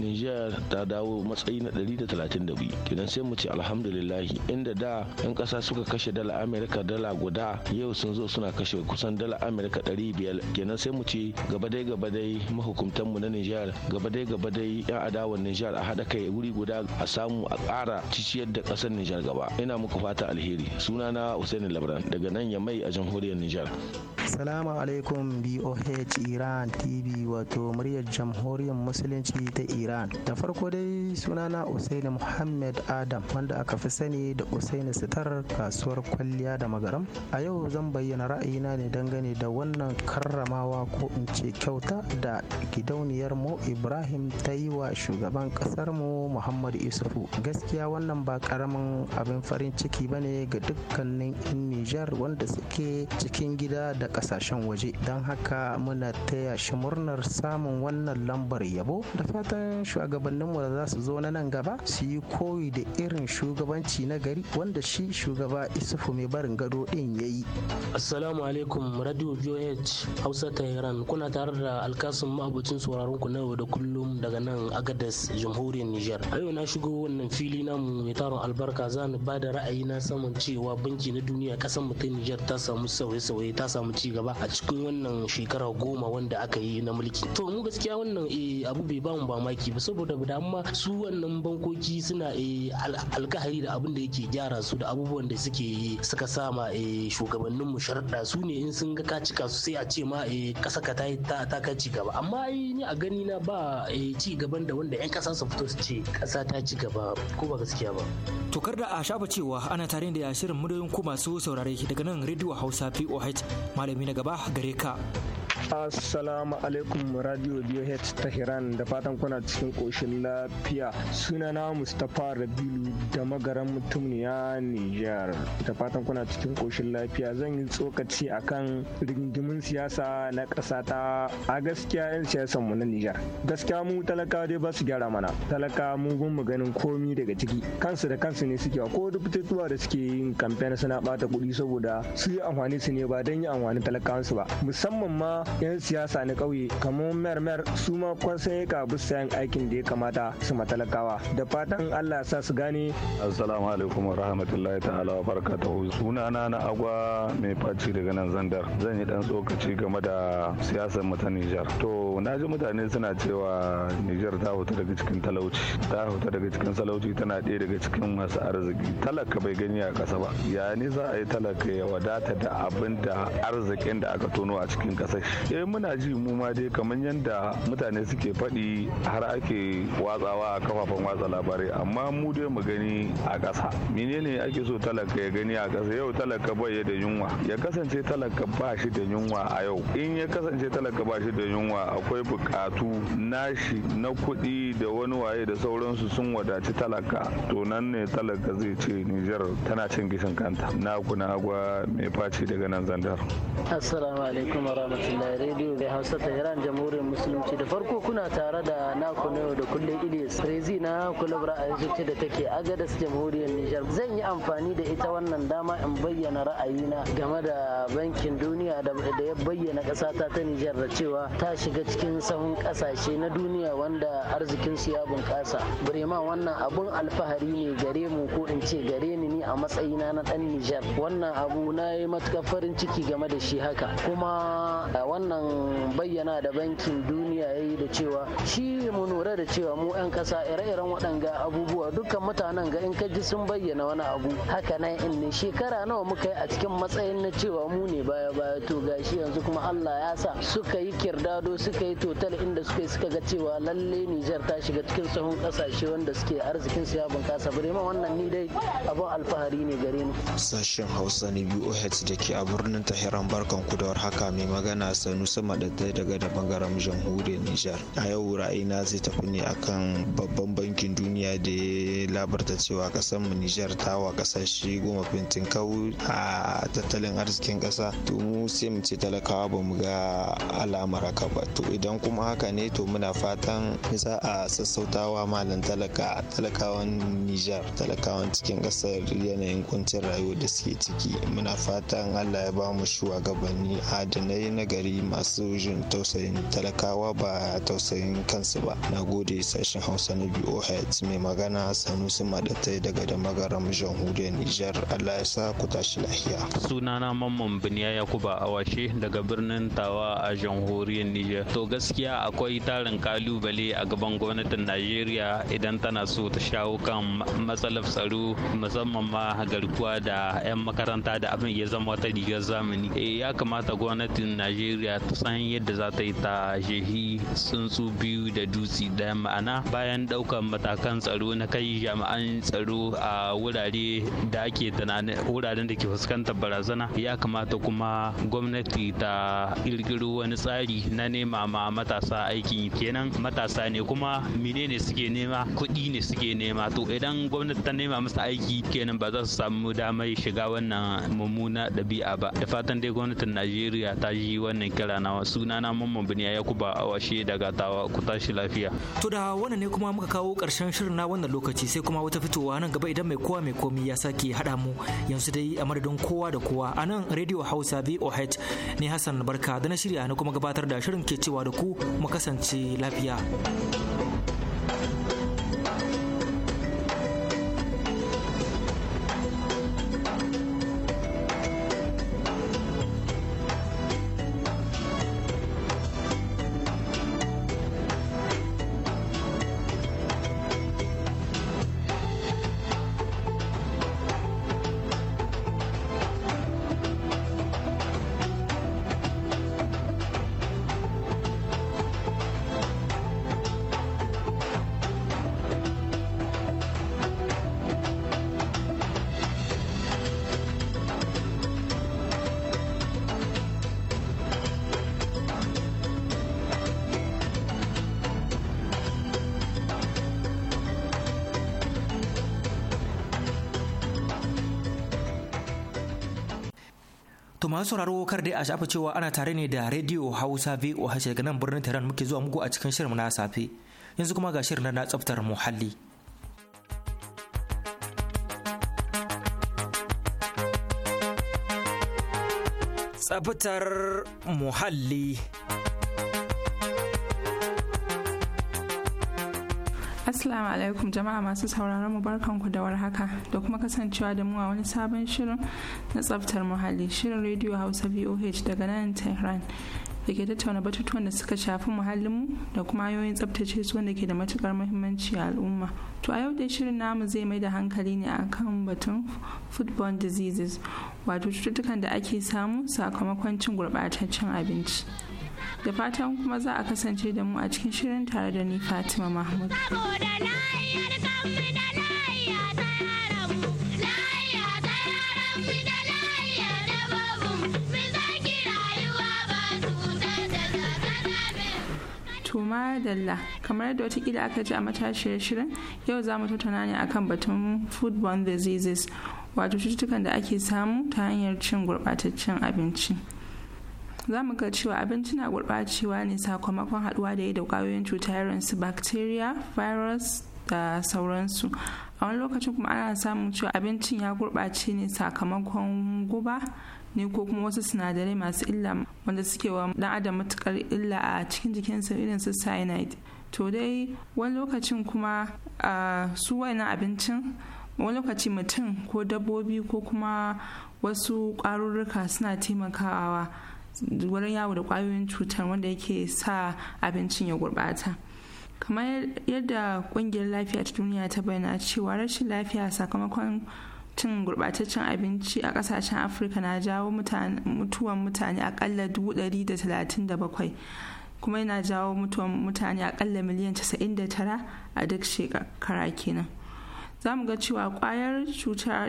niger ta dawo matsayi na 132. Kidan sai mu ce alhamdulillah inda da 'yan ƙasa suka kashe dala Amerika dala guda yau sun sun zo suna kashe kusan dala amurka ɗari biyar kenan sai mu ce gaba dai gaba dai mahukuntan mu na nijar gaba dai gaba dai yan adawar nijar a hada kai wuri guda a samu a kara ciciyar da kasar nijar gaba ina muku fata alheri sunana usaini labran daga nan ya mai a jamhuriyar nijar salamu alaikum boh iran tv wato muryar jamhuriyar musulunci ta iran da farko dai sunana usaini muhammad adam wanda aka fi sani da usain sitar kasuwar kwalliya da magaram a yau zan bayyana ra'ayina ne dangane da wannan karramawa ko in ce kyauta da gidauniyar mu ibrahim ta yi wa shugaban kasar mu muhammadu isufu gaskiya wannan ba karamin abin farin ciki ba ne ga dukkanin in nijar wanda suke cikin gida da kasashen waje don haka muna taya shi murnar samun wannan lambar yabo da fatan shugabanninmu da za su zo na nan gaba su yi koyi da irin shugabanci na gari wanda shi shugaba isufu mai barin gado din ya yi Assalamu alaikum Radio VOH Hausa Tehran kuna tare da alkasin ma'abocin sauraron ku na yau da kullum daga nan Agadas Jamhuriyar Nijar. A yau na shigo wannan fili mu mai taron albarka za ni ba da ra'ayi na saman cewa banki na duniya kasan mu ta Nijar ta samu sauye-sauye ta samu ci gaba a cikin wannan shekara goma wanda aka yi na mulki. To mu gaskiya wannan eh abu bai bamu mu mamaki ba saboda da amma su wannan bankoki suna eh alkahari da abin da yake gyara su da abubuwan da suke suka sama eh shugabanninmu mu sharaɗa su ne in sun ga ka cika su sai a ce ma eh ƙasa ka ta ta ka ci gaba amma ai ni a gani na ba eh, ci gaban da wanda 'yan ƙasa su fito su ce ƙasa ta ci gaba ko ba gaskiya ba. To kar da a shafa cewa ana tare da shirin muryoyin ku masu saurare daga nan rediyo Hausa POH malami na gaba gare ka. Assalamu alaikum Radio BOH Tahiran da fatan kuna cikin koshin lafiya. Sunana Mustapha Rabilu da magaran mutumniya Nijar. Da fatan kuna cikin koshin lafiya zan yi tsokaci akan rigingimin siyasa na ƙasa ta a gaskiya 'yan siyasan mu na Nijar. Gaskiya mu talaka dai ba su gyara mana. Talaka mu gun mu ganin komi daga ciki. Kansu da kansu ne suke ko duk dubutatuwa da suke yin kamfen suna bata kuɗi saboda su yi amfani su ne ba don yi amfani talakansu ba. Musamman ma yan siyasa na ƙauye kamar mermer su ma kwasan ya kabu sayan aikin da ya kamata su matalakawa da fatan allah sa su gane assalamu alaikum wa rahmatullahi ta'ala wa barakatuhu sunana na agwa mai faci daga nan zandar zan yi dan tsokaci game da siyasar mu ta nijar to na ji mutane suna cewa nijar ta hutu daga cikin talauci ta hutu daga cikin talauci tana ɗaya daga cikin masu arziki talaka bai gani a ƙasa ba ya ne za a yi talaka ya wadata da abin da arzikin da aka tono a cikin ƙasar eh muna ji mu ma dai kamar yadda mutane suke faɗi har ake watsawa a kafafen watsa labarai amma mu dai mu gani a ƙasa menene ake so talaka ya gani a ƙasa yau talaka bai da yunwa ya kasance talaka ba shi da yunwa a yau in ya kasance talaka ba shi da yunwa akwai buƙatu nashi na kuɗi da wani waye da sauransu sun wadaci talaka to nan ne talaka zai ce Nijar tana cin gishin kanta na kuna agwa mai face daga nan zandar rediyo mai hausa iran jamhuriyar musulunci da farko kuna tare da naku na yau da kullum ilyas rezi na kulabra a yanzu da take agadas jamhuriyar nijar zan yi amfani da ita wannan dama in bayyana ra'ayina game da bankin duniya da ya bayyana kasata ta nijar da cewa ta shiga cikin sahun ƙasashe na duniya wanda arzikinsu ya bunƙasa birema wannan abun alfahari ne gare mu ko in ce gare ni ni a matsayina na ɗan nijar wannan abu na yi matuƙar farin ciki game da shi haka kuma wannan bayyana da bankin duniya ya yi da cewa shi mu lura da cewa mu 'yan kasa ire-iren waɗanga abubuwa dukkan mutanen ga in ka sun bayyana wani abu haka nan in ne shekara nawa muka yi a cikin matsayin na cewa mu ne baya baya to gashi yanzu kuma Allah ya sa suka yi kirdado suka yi total inda suka yi suka ga cewa lalle Nijar ta shiga cikin sahun kasashe wanda suke arzikin su ya bunkasa bare ma wannan ni dai abun alfahari ne gare ni sashen Hausa ne BOH da ke a birnin Tahiran barkan ku da warhaka mai magana da ta daga da bangaren jamhuriyar nijar a yau ra'ayina zai tafi ne akan babban bankin duniya da ya labarta cewa ƙasar mu nijar ta wa ƙasashe goma fintin kawu a tattalin arzikin ƙasa to mu sai mu ce talakawa ba mu ga alamar haka ba to idan kuma haka ne to muna fatan za a sassautawa malam talaka talakawan nijar talakawan cikin ƙasar yanayin kuncin rayuwa da suke ciki muna fatan allah ya ba mu shugabanni adanai na gari masu jin tausayin talakawa ba tausayin kansu ba na gode sashen hausa na boh mai magana sanusi madatai daga da magaram jamhuriyar nijar allah ya sa ku tashi lahiya sunana mamman biniya yakuba awashe daga birnin tawa a jamhuriyar nijar to gaskiya akwai tarin kalubale a gaban gwamnatin najeriya idan tana so ta shawo kan matsalar tsaro musamman ma garkuwa da 'yan makaranta da abin ya zama ta rigar zamani eh, ya kamata gwamnatin najeriya riga ta san yadda za ta yi ta jehi tsuntsu biyu da dutse ɗaya ma'ana bayan ɗaukan matakan tsaro na kai jami'an tsaro a wurare da ake tunanin wuraren da ke fuskantar barazana ya kamata kuma gwamnati ta ƙirƙiro wani tsari na nema ma matasa aiki kenan matasa ne kuma menene suke nema kuɗi ne suke nema to idan gwamnati ta nema musu aiki kenan ba za su samu damar shiga wannan mummuna ɗabi'a ba da fatan dai gwamnatin najeriya ta ji wannan wannan kira nawa suna na mamman bini ya kuba washe daga tawa ku tashi lafiya. To da wannan ne kuma muka kawo karshen shirin na wannan lokaci sai kuma wata fitowa nan gaba idan mai kowa mai komi ya sake haɗa mu yanzu dai a madadin kowa da kowa a nan Radio Hausa VOH ne Hassan Barka da na shirya na kuma gabatar da shirin ke cewa da ku mu kasance lafiya. masu sauraro kar dai a shafa cewa ana tare ne da Radio Hausa VOH daga nan birnin Tehran muke zuwa muku a cikin shirin na safe. Yanzu kuma ga shirin na tsaftar muhalli. Tsaftar muhalli. Assalamu alaikum jama'a masu sauraron mu barkanku da warhaka da kuma kasancewa da mu a wani sabon shirin na tsaftar muhalli shirin rediyo Hausa VOH daga nan Tehran da ke tattauna batutuwan da suka shafi muhallinmu da kuma hanyoyin tsaftace su wanda ke da matukar muhimmanci a al'umma. To a yau dai shirin namu zai mai da hankali ne akan batun foodborne diseases wato cututtukan da ake samu sakamakon cin gurɓataccen abinci. da fatan kuma za a kasance da mu a cikin shirin tare da ni fatima mahmud Tuma Dalla kamar yadda watakila aka ji a matashiyar shirin yau za mu tattauna ne akan batun foodborne diseases wato cututtukan da ake samu ta hanyar cin gurɓataccen abinci. za mu ga cewa abinci na gurɓacewa ne sakamakon haɗuwa da yi da ƙwayoyin cuta irin su bacteria virus da sauransu a wani lokacin kuma ana samun cewa abincin ya gurɓace ne sakamakon guba ne ko kuma wasu sinadarai masu illa wanda suke wa dan adam matukar illa a cikin jikinsa irin su cyanide to dai wani lokacin kuma su wayan abincin wani lokaci mutum ko dabbobi ko kuma wasu ƙwarurruka suna taimakawa wurin yawo da kwayoyin cutar wanda yake sa abincin ya gurbata kamar yadda kungiyar lafiya ta duniya ta bayyana cewa rashin lafiya sakamakon cin gurbataccen abinci a kasashen afirka na jawo mutuwan mutane akalla 137 kuma yana jawo mutuwan mutane akalla miliyan 99 a duk shekara kenan za mu ga cewa kwayar cutar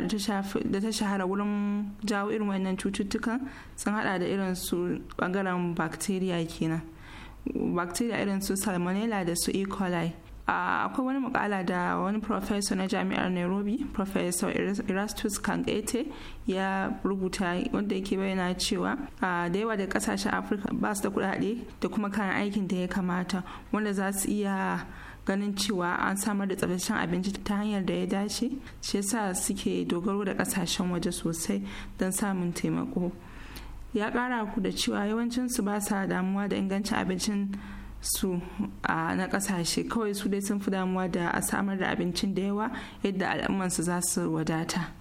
da ta shahara wurin jawo irin wannan cututtukan sun hada da irin su bangaren bacteria kenan bakteriya irin su salmonella da su e. coli akwai wani mukala da wani professor na jami'ar nairobi professor erastus kangete ya rubuta wanda yake bayyana cewa da yawa da kasashen afirka ba su da kudade da kuma kayan aikin da ya kamata wanda za su iya ganin cewa an samar da tsabtaccen abinci ta hanyar da ya dace shi yasa suke dogaro da kasashen waje sosai don samun taimako ya kara ku da cewa yawancinsu ba sa damuwa da ingancin abincin su a na kasashe kawai su dai sun fi damuwa da a samar da abincin da yawa yadda al'ummansu za su wadata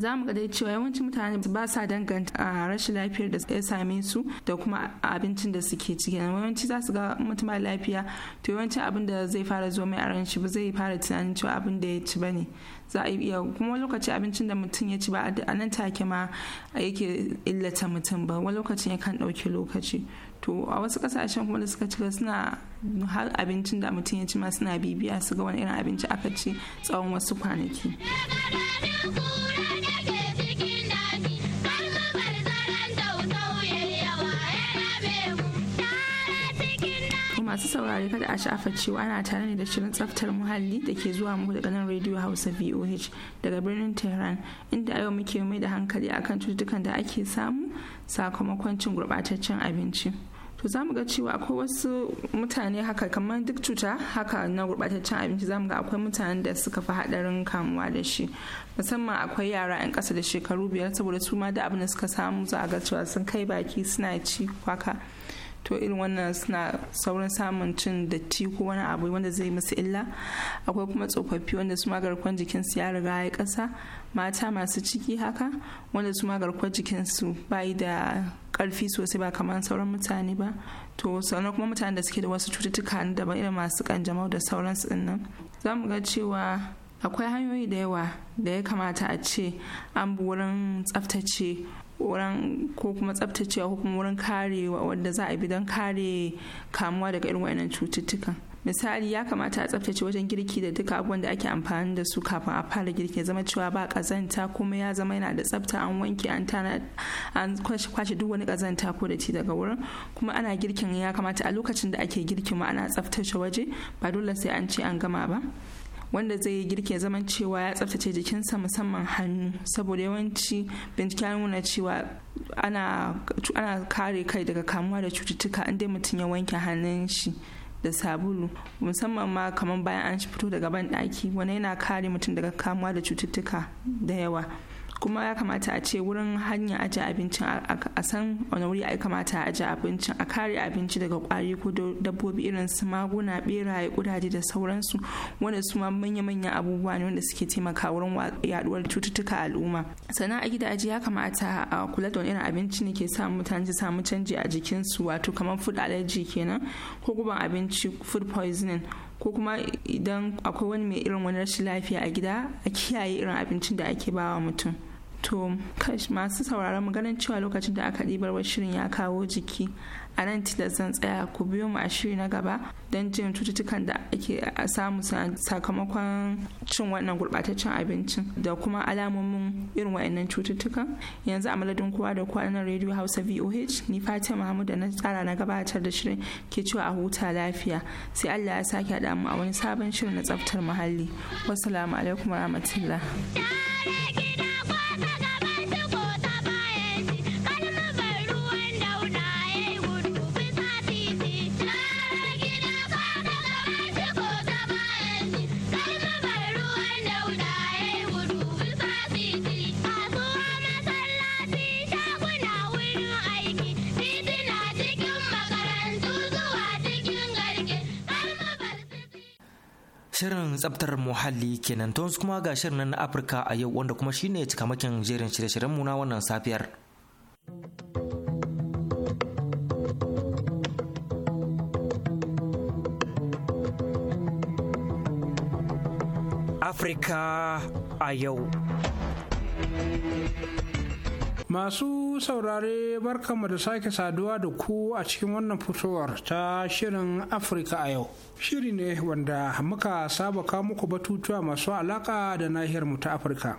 za mu ga dai cewa yawancin mutane ba sa danganta a rashin lafiyar da ya same su da kuma abincin da suke ciki yawanci za su ga mutum lafiya to yawanci abin da zai fara zo mai a shi ba zai fara tunanin cewa abin da ya ci bane za a iya kuma lokaci abincin da mutum ya ci ba a nan take ma yake illata mutum ba wani lokacin yakan ɗauki lokaci to a wasu kasashen kuma da suka cika suna har abincin da mutum ya ci ma suna bibiya su ga wani irin abinci aka ci tsawon wasu kwanaki masu saurari kada a shafa cewa ana tare ne da shirin tsaftar muhalli da ke zuwa muku daga nan radio hausa voh daga birnin tehran inda yau muke mai da hankali akan cututtukan da ake samu sakamakon cin gurɓataccen abinci. to za mu ga cewa akwai wasu mutane haka kamar duk cuta haka na gurɓataccen abinci za mu ga akwai mutanen da suka fi haɗarin kamuwa da shi musamman akwai yara 'yan ƙasa da shekaru biyar saboda su ma da abin da suka samu za a ga cewa sun kai baki suna ci kwaka to irin wannan suna saurin samun cin datti ko wani abu wanda zai musu illa akwai kuma tsofaffi wanda su garkuwar jikinsu ya riga ya ƙasa mata masu ciki haka wanda su garkuwar jikinsu bayi da karfi sosai ba kamar sauran mutane ba to sannan kuma mutane da suke da wasu cututtuka daban irin masu kanjamau da sauran sauransu nan, za mu ga cewa akwai hanyoyi da yawa da ya kamata a ce an bi wurin tsaftace wurin ko kuma tsabtacewa ko kuma wurin karewa wadda za a bi don kare kamuwa daga irin wannan cututtukan misali ya kamata a tsaftace wajen girki da duka abubuwan da ake amfani da su kafin a fara girki zama cewa ba kazanta kuma ya zama yana da tsafta an wanke an tana an kwashe duk wani kazanta ko ci daga wurin kuma ana girkin ya kamata a lokacin da ake girki ma ana tsaftace waje ba dole sai an ce an gama ba wanda zai yi girke zaman cewa ya tsaftace jikinsa musamman hannu saboda yawanci bincike ya nuna cewa ana kare kai daga kamuwa da cututtuka inda mutum ya wanke hannun shi da sabulu musamman ma kamar bayan an fito daga ban daki wani yana kare mutum daga kamuwa da cututtuka da yawa kuma ya kamata a ce wurin hanya ajiye abincin a san wani wuri ya kamata a aje abincin a kare abinci daga kwari ko dabbobi irin su maguna beraye kudaje da sauransu wanda su ma manya-manyan abubuwa ne wanda suke taimaka wurin yaduwar cututtuka al'umma sannan a gidaje ya kamata a kula da wani irin abinci ne ke sa mutane su samu canji a jikin su wato kamar food allergy kenan ko guban abinci food poisoning ko kuma idan akwai wani mai irin wani rashin lafiya a gida a kiyaye irin abincin da ake bawa mutum to masu sauraron mu cewa lokacin da aka ɗibar wa shirin ya kawo jiki a nan da zan tsaya ku biyo mu a shiri na gaba don jin cututtukan da ake samu sakamakon cin wannan gurɓataccen abincin da kuma alamomin irin wa'annan cututtukan yanzu a madadin kowa da kowa na radio hausa voh ni fatima mahmud da na tsara na gabatar da shirin ke cewa a huta lafiya sai allah ya sake haɗa mu a wani sabon shirin na tsaftar muhalli wassalamu alaikum wa rahmatullah. Shirin tsabtar muhalli kenan to kuma ga shirin na Afirka a yau wanda kuma shine cikamakin jerin shirye-shiryen mu na wannan safiyar. Afirka a yau. Masu saurare barkanmu da sake saduwa da ku a cikin wannan fitowar ta shirin Afirka a yau. Shiri ne wanda muka saba kawo muku batutuwa masu alaka da nahiyarmu ta Afirka.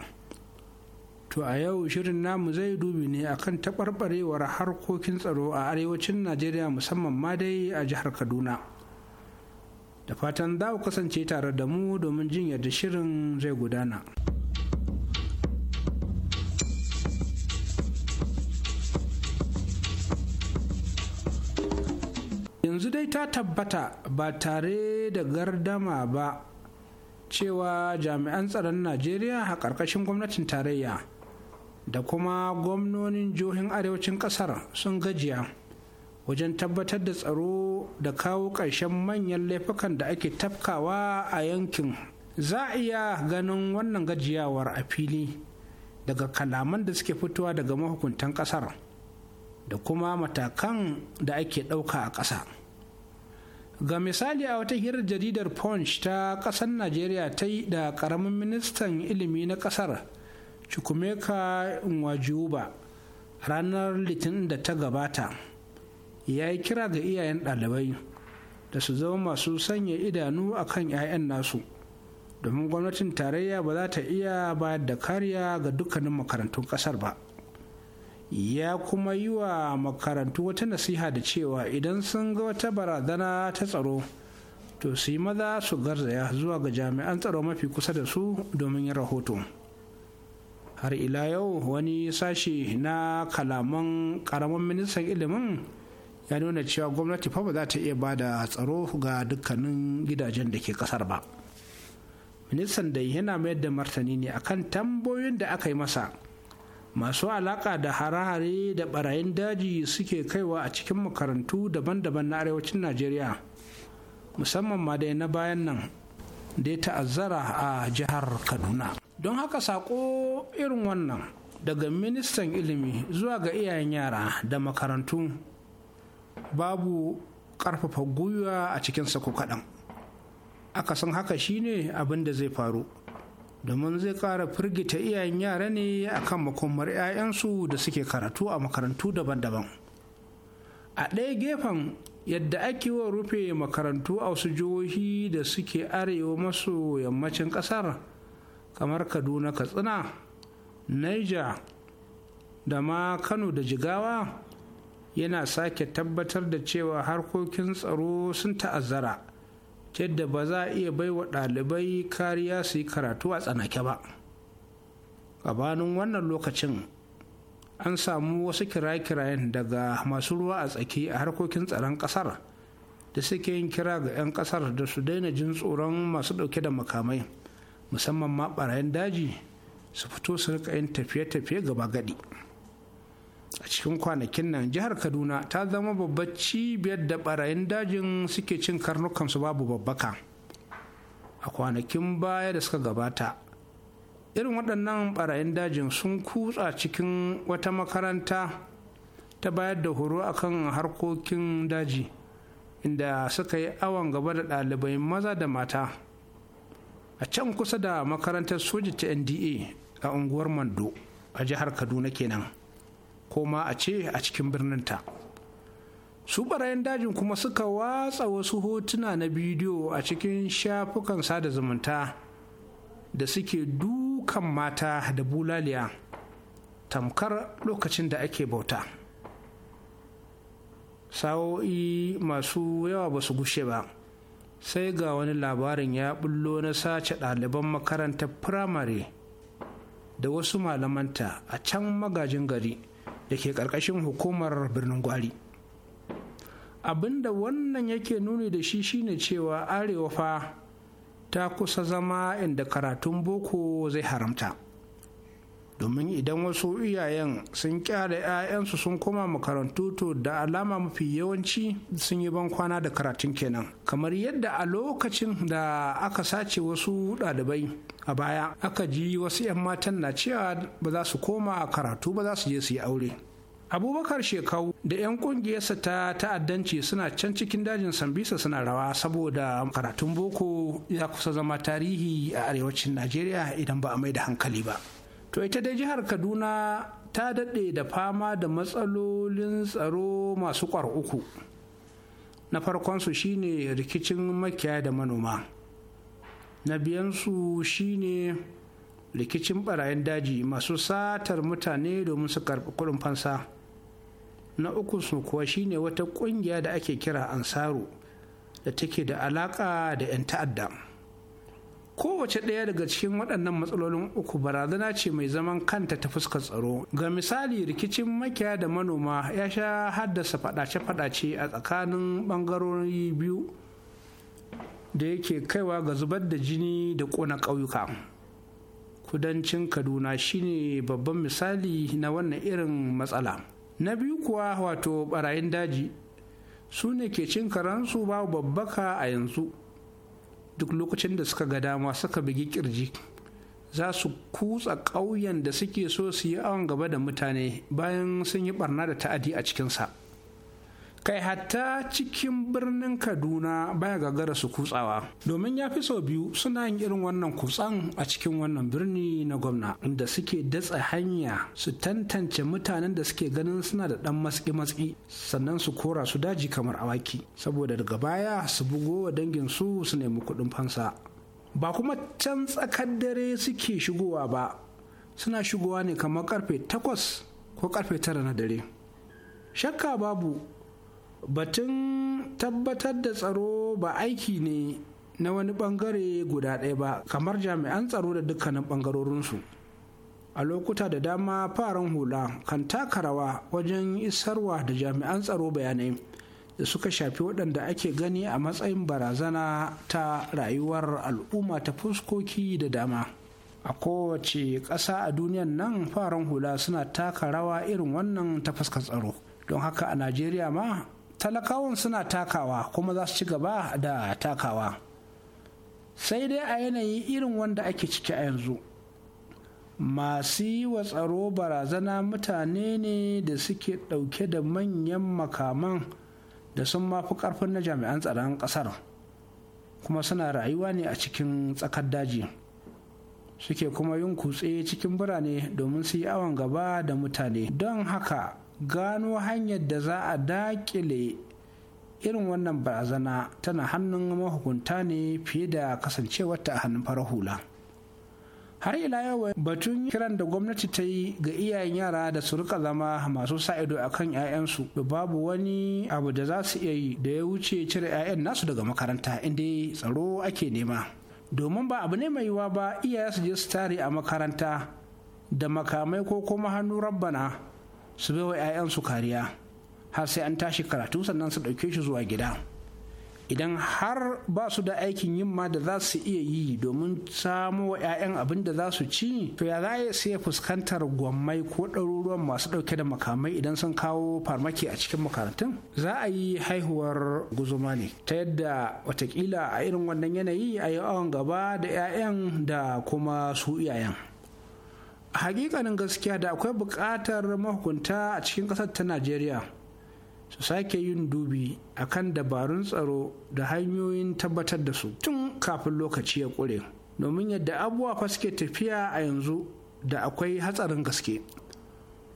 To a yau shirin namu zai dubi ne akan taɓarɓarewar harkokin tsaro a arewacin Najeriya musamman ma dai a jihar Kaduna. Da fatan za ku kasance tare da mu domin jin yadda shirin zai gudana. ta tabbata ba tare da gardama ba cewa jami'an tsaron najeriya a ƙarƙashin gwamnatin tarayya da kuma gwamnonin jihohin arewacin ƙasar sun gajiya wajen tabbatar da tsaro da kawo ƙarshen manyan laifukan da ake tafkawa a yankin za a iya ganin wannan gajiyawar a fili daga kalaman da suke fitowa daga mahukuntan ƙasar da kuma matakan da ake ɗauka a ƙasa. ga misali a wata hirar jaridar punch ta kasar najeriya ta yi da karamin ministan ilimi na kasar chukwumeka nwajuba ranar litinin da ta gabata ya yi kira ga iyayen ɗalibai da su zama masu sanya idanu a kan 'ya'yan nasu domin gwamnatin tarayya ba za ta iya bayar da kariya ga dukkanin makarantun ƙasar ba. ya kuma yi wa makarantu wata nasiha da cewa idan sun ga wata barazana ta tsaro to su yi maza su garzaya zuwa ga jami'an tsaro mafi kusa da su domin yin rahoto har ila yau wani sashi na kalaman karamin ministan ilimin ya nuna cewa gwamnati fa ba za ta iya ba da tsaro ga dukkanin gidajen da ke kasar ba ministan da yana mayar da martani ne akan tambayoyin da aka yi masa masu alaƙa da hare-hare da barayin daji suke kaiwa a cikin makarantu daban-daban na arewacin najeriya musamman ma dai na bayan nan da ya ta'azzara a jihar kaduna don haka saƙo irin wannan daga ministan ilimi zuwa ga iyayen yara da makarantu babu ƙarfafa gwiwa a cikin sako kaɗan akasin haka shine abin da zai faru domin zai ƙara firgita iyayen yara ne akan makomar 'ya'yansu da suke karatu a makarantu daban-daban a ɗaya gefen yadda ake wa rufe makarantu a wasu jihohi da suke arewa maso yammacin ƙasar kamar kaduna katsina niger da ma kano da jigawa yana sake tabbatar da cewa harkokin tsaro sun ta'azzara yadda ba za a iya baiwa ɗalibai kariya su yi karatu a tsanake ba a banin wannan lokacin an samu wasu kiraye-kirayen daga masu ruwa a tsaki a harkokin tsaron ƙasar da suke yin kira ga 'yan ƙasar da su daina jin tsoron masu ɗauke da makamai musamman ma ɓarayin daji su fito su rika yin tafiye-tafiye gaba gadi. a cikin kwanakin nan jihar kaduna ta zama babbar cibiyar da barayin dajin suke cin karnukan su babu babbaka a kwanakin baya da suka gabata irin waɗannan barayin dajin sun kutsa cikin wata makaranta ta bayar da horo akan harkokin daji inda suka yi awon gaba da ɗalibai maza da mata a can kusa da makarantar soja ta nda a unguwar mando a jihar kaduna kenan ko ma a ce a cikin birninta su barayin dajin kuma suka watsa wasu hotuna na bidiyo a cikin shafukan sada zumunta da suke dukan mata da bulaliya tamkar lokacin da ake bauta sa'o'i masu yawa ba su gushe ba sai ga wani labarin ya bullo na sace ɗaliban makarantar firamare da wasu malamanta a can magajin gari da ke ƙarƙashin hukumar birnin gwari abinda wannan yake nuni da shi shine cewa arewa fa ta kusa zama inda karatun boko zai haramta domin idan wasu iyayen sun kyara 'ya'yansu sun koma makarantu to da alama mafi yawanci sun yi ban kwana da karatun kenan kamar yadda a lokacin da aka sace wasu ɗalibai a baya aka ji wasu 'yan matan na cewa ba za su koma karatu ba za su je su yi aure abubakar shekau da 'yan kungiyarsa ta ta'addanci suna can cikin dajin sambisa suna rawa saboda karatun boko ya kusa zama tarihi a arewacin najeriya idan ba a mai da hankali ba to ita dai jihar kaduna ta daɗe da fama da matsalolin tsaro masu kwar uku na farkonsu shine rikicin makiya da manoma na biyansu shine rikicin barayin daji masu satar mutane domin su karɓi kuɗin fansa na uku su kuwa shine wata ƙungiya da ake kira ansaru da take da alaƙa da 'yan ta'adda kowace ɗaya daga cikin waɗannan matsalolin uku barazana ce mai zaman kanta ta fuskar tsaro ga misali rikicin makiya da manoma ya sha haddasa faɗace-faɗace a tsakanin ɓangarori biyu da yake kaiwa ga zubar da jini da ƙona ƙauyuka kudancin kaduna shine babban misali na wannan irin matsala na biyu kuwa wato barayin daji su ne ke cin karansu babu babbaka a yanzu duk lokacin da suka ga dama suka bugi kirji za su kutsa ƙauyen da suke so su yi awon gaba da mutane bayan sun yi barna da ta'adi a cikinsa kai hatta cikin birnin kaduna baya gagara su kutsawa domin ya fi sau biyu suna yin irin wannan kutsan a cikin wannan birni na gwamna inda suke datsa hanya su tantance mutanen da suke ganin suna da dan matsi-matsi sannan su kora su daji kamar awaki saboda daga baya su bugo wa dangin su su nemi kuɗin fansa ba kuma can tsakar dare suke shigowa ba suna shigowa ne kamar karfe takwas ko karfe tara na dare shakka babu batun tabbatar da tsaro ba aiki ne na wani bangare guda ɗaya ba kamar jami'an tsaro da dukkanin bangarorinsu a lokuta da dama faran hula kan taka rawa wajen isarwa da jami'an tsaro bayanai da suka shafi waɗanda ake gani a matsayin barazana ta rayuwar al'umma ta fuskoki da dama a kowace ƙasa a duniyan nan faran hula suna taka rawa irin wannan ta fuskar tsaro don haka a najeriya ma talakawan suna takawa kuma za su ci gaba da takawa sai dai a yanayi irin wanda ake ciki a yanzu masu yi wa tsaro barazana mutane ne da suke ɗauke da manyan makaman da sun mafi ƙarfin na jami'an tsaron ƙasar kuma suna rayuwa ne a cikin tsakar daji suke kuma yin kutse cikin birane domin su yi awon gaba da mutane don haka gano hanyar da za a dakile irin wannan barazana tana hannun mahukunta ne fiye da kasancewarta a hannun farar hula har ila yau batun kiran da gwamnati ta yi ga iyayen yara da su rika zama masu sa ido a kan 'ya'yansu babu wani abu da za su iya yi da ya wuce cire 'ya'yan nasu daga makaranta inda tsaro ake nema domin ba abu ne mai yiwa ba iyaye su je su tare a makaranta da makamai ko kuma hannu rabbana su bai wa 'ya'yan su kariya har sai an tashi karatu sannan su ɗauke shi zuwa gida idan har ba su da aikin yin ma da za su iya yi domin samo wa 'ya'yan abin da za su ci to ya za iya fuskantar gwammai ko ɗaruruwan masu ɗauke da makamai idan sun kawo farmaki a cikin makarantun za a yi haihuwar guzuma ne ta yadda watakila a irin wannan yanayi a yi awon gaba da 'ya'yan da kuma su iyayen hakikanin gaskiya da akwai buƙatar mahukunta a cikin ƙasar ta najeriya su sake yin dubi akan dabarun tsaro da hanyoyin tabbatar da su tun kafin lokaci ya ƙure domin yadda abubuwa fa suke tafiya a yanzu da akwai hatsarin gaske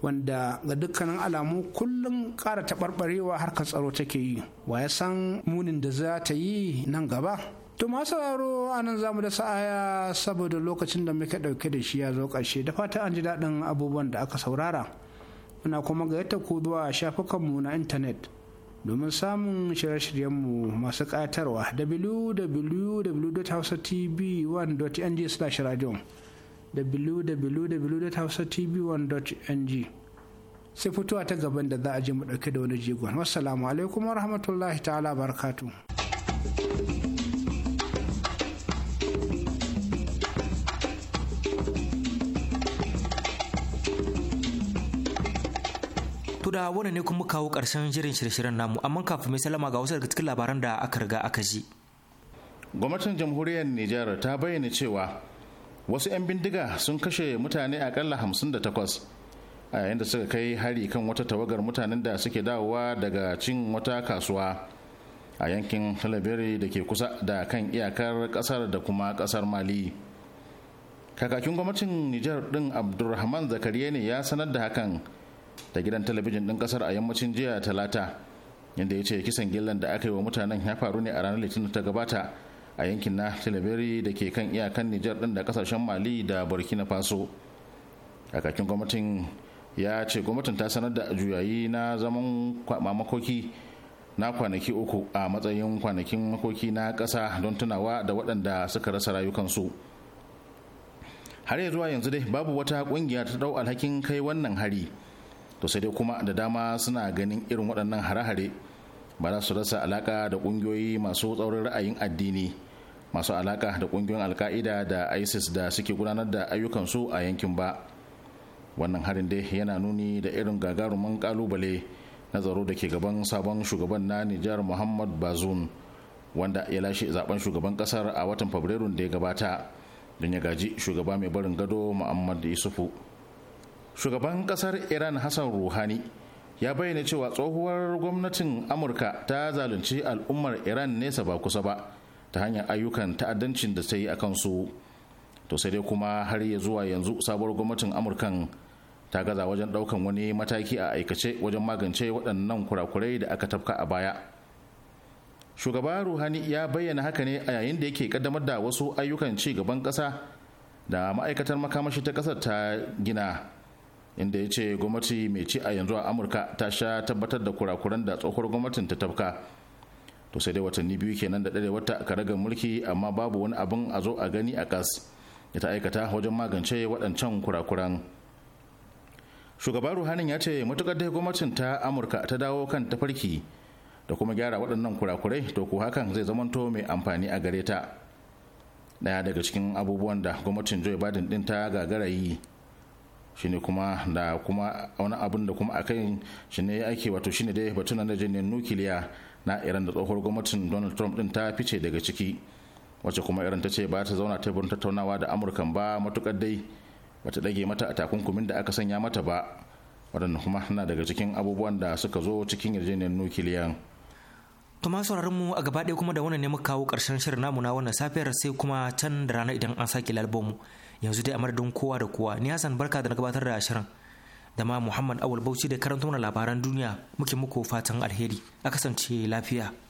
wanda ga dukkanin alamu kullum ƙara taɓarɓarewa harkar tsaro take yi wa ya san munin da za ta yi nan gaba To masu sauraro a nan zamu da sa'aya saboda lokacin da muke ɗauke da shi ya zo ƙarshe da fata an ji daɗin abubuwan da aka saurara. Muna kuma ga yadda ku zuwa shafukanmu na intanet domin samun shirye-shiryenmu masu ƙayatarwa www.hausatv1.ng slash radio www.hausatv1.ng sai fitowa ta gaban da za a je mu ɗauke da wani jigon. Wassalamu alaikum wa rahmatullahi ta'ala barakatu. da wani ne kuma kawo ƙarshen jirin shirye-shiryen namu amma kafin mai salama ga wasu daga cikin labaran da aka riga aka ji. Gwamnatin jamhuriyar Nijar ta bayyana cewa wasu 'yan bindiga sun kashe mutane akalla takwas. a yayin da suka kai hari kan wata tawagar mutanen da suke dawowa daga cin wata kasuwa a yankin talabiri da ke kusa da kan iyakar kasar da kuma kasar mali kakakin gwamnatin nijar din abdulrahman zakariya ne ya sanar da hakan da gidan talabijin ɗin ƙasar a yammacin jiya talata inda ya ce kisan gillan da aka yi wa mutanen ya faru ne a ranar litinin ta gabata a yankin na tilaberi da ke kan iyakan nijar ɗin da ƙasashen mali da burkina faso a kakin gwamnatin ya ce gwamnatin ta sanar da juyayi na zaman makoki na kwanaki uku a matsayin kwanakin makoki na ƙasa don tunawa da waɗanda suka rasa rayukansu har ya zuwa yanzu dai babu wata ƙungiya ta ɗau alhakin kai wannan hari to sai dai kuma da dama suna ganin irin waɗannan hare-hare ba za su rasa alaka da ƙungiyoyi masu tsaurin ra'ayin addini masu alaka da ƙungiyoyin alka'ida da isis da suke gudanar da ayyukansu a yankin ba wannan harin dai yana nuni da irin gagarumin kalubale na tsaro da ke gaban sabon shugaban na nijar muhammad bazoum wanda ya lashe zaben shugaban kasar a watan fabrairun da ya gabata don ya gaji shugaba mai barin gado muhammad yusufu shugaban kasar iran hassan ruhani ya bayyana cewa tsohuwar gwamnatin amurka ta zalunci al'ummar iran nesa ba kusa ba ta hanyar ayyukan ta'addancin da ta yi a kansu to sai dai kuma har ya zuwa yanzu sabuwar gwamnatin amurkan ta gaza wajen daukan wani mataki a aikace wajen magance waɗannan kurakurai da aka tafka a baya shugaba ruhani ya bayyana haka ne a yayin da yake kaddamar da wasu ayyukan ci gaban ƙasa da ma'aikatar makamashi ta ƙasar ta gina inda ya ce gwamnati mai ci a yanzu a amurka ta sha tabbatar da kurakuran da tsohuwar gwamnatin ta tafka to sai dai watanni biyu kenan da dare wata karagar mulki amma babu wani abin a zo a gani a kas ya ta aikata wajen magance waɗancan kurakuran shugaba ruhanin ya ce matukar dai gwamnatin ta amurka ta dawo kan tafarki da kuma gyara waɗannan kurakurai to ko hakan zai zamanto mai amfani a gare ta ɗaya daga cikin abubuwan da gwamnatin joe biden ɗin ta gagara yi shine kuma da kuma wani abin da kuma a kan ne shine ake wato shine dai batun na jini nukiliya na iran da tsohuwar gwamnatin donald trump din ta fice daga ciki wacce kuma iran ta ce ba ta zauna teburin tattaunawa da amurkan ba matukar dai ba ta dage mata a takunkumin da aka sanya mata ba waɗanda kuma na daga cikin abubuwan da suka zo cikin yarjejeniyar nukiliya. To ma sauraron mu a gaba ɗaya kuma da wannan ne muka kawo ƙarshen shirin namu na wannan safiyar sai kuma can da rana idan an sake lalbomu. mu. yanzu dai a madadin kowa da kowa ni hassan barka da na gabatar da shirin da ma muhammad awal bauchi da karanta mana labaran duniya muke muku fatan alheri a kasance lafiya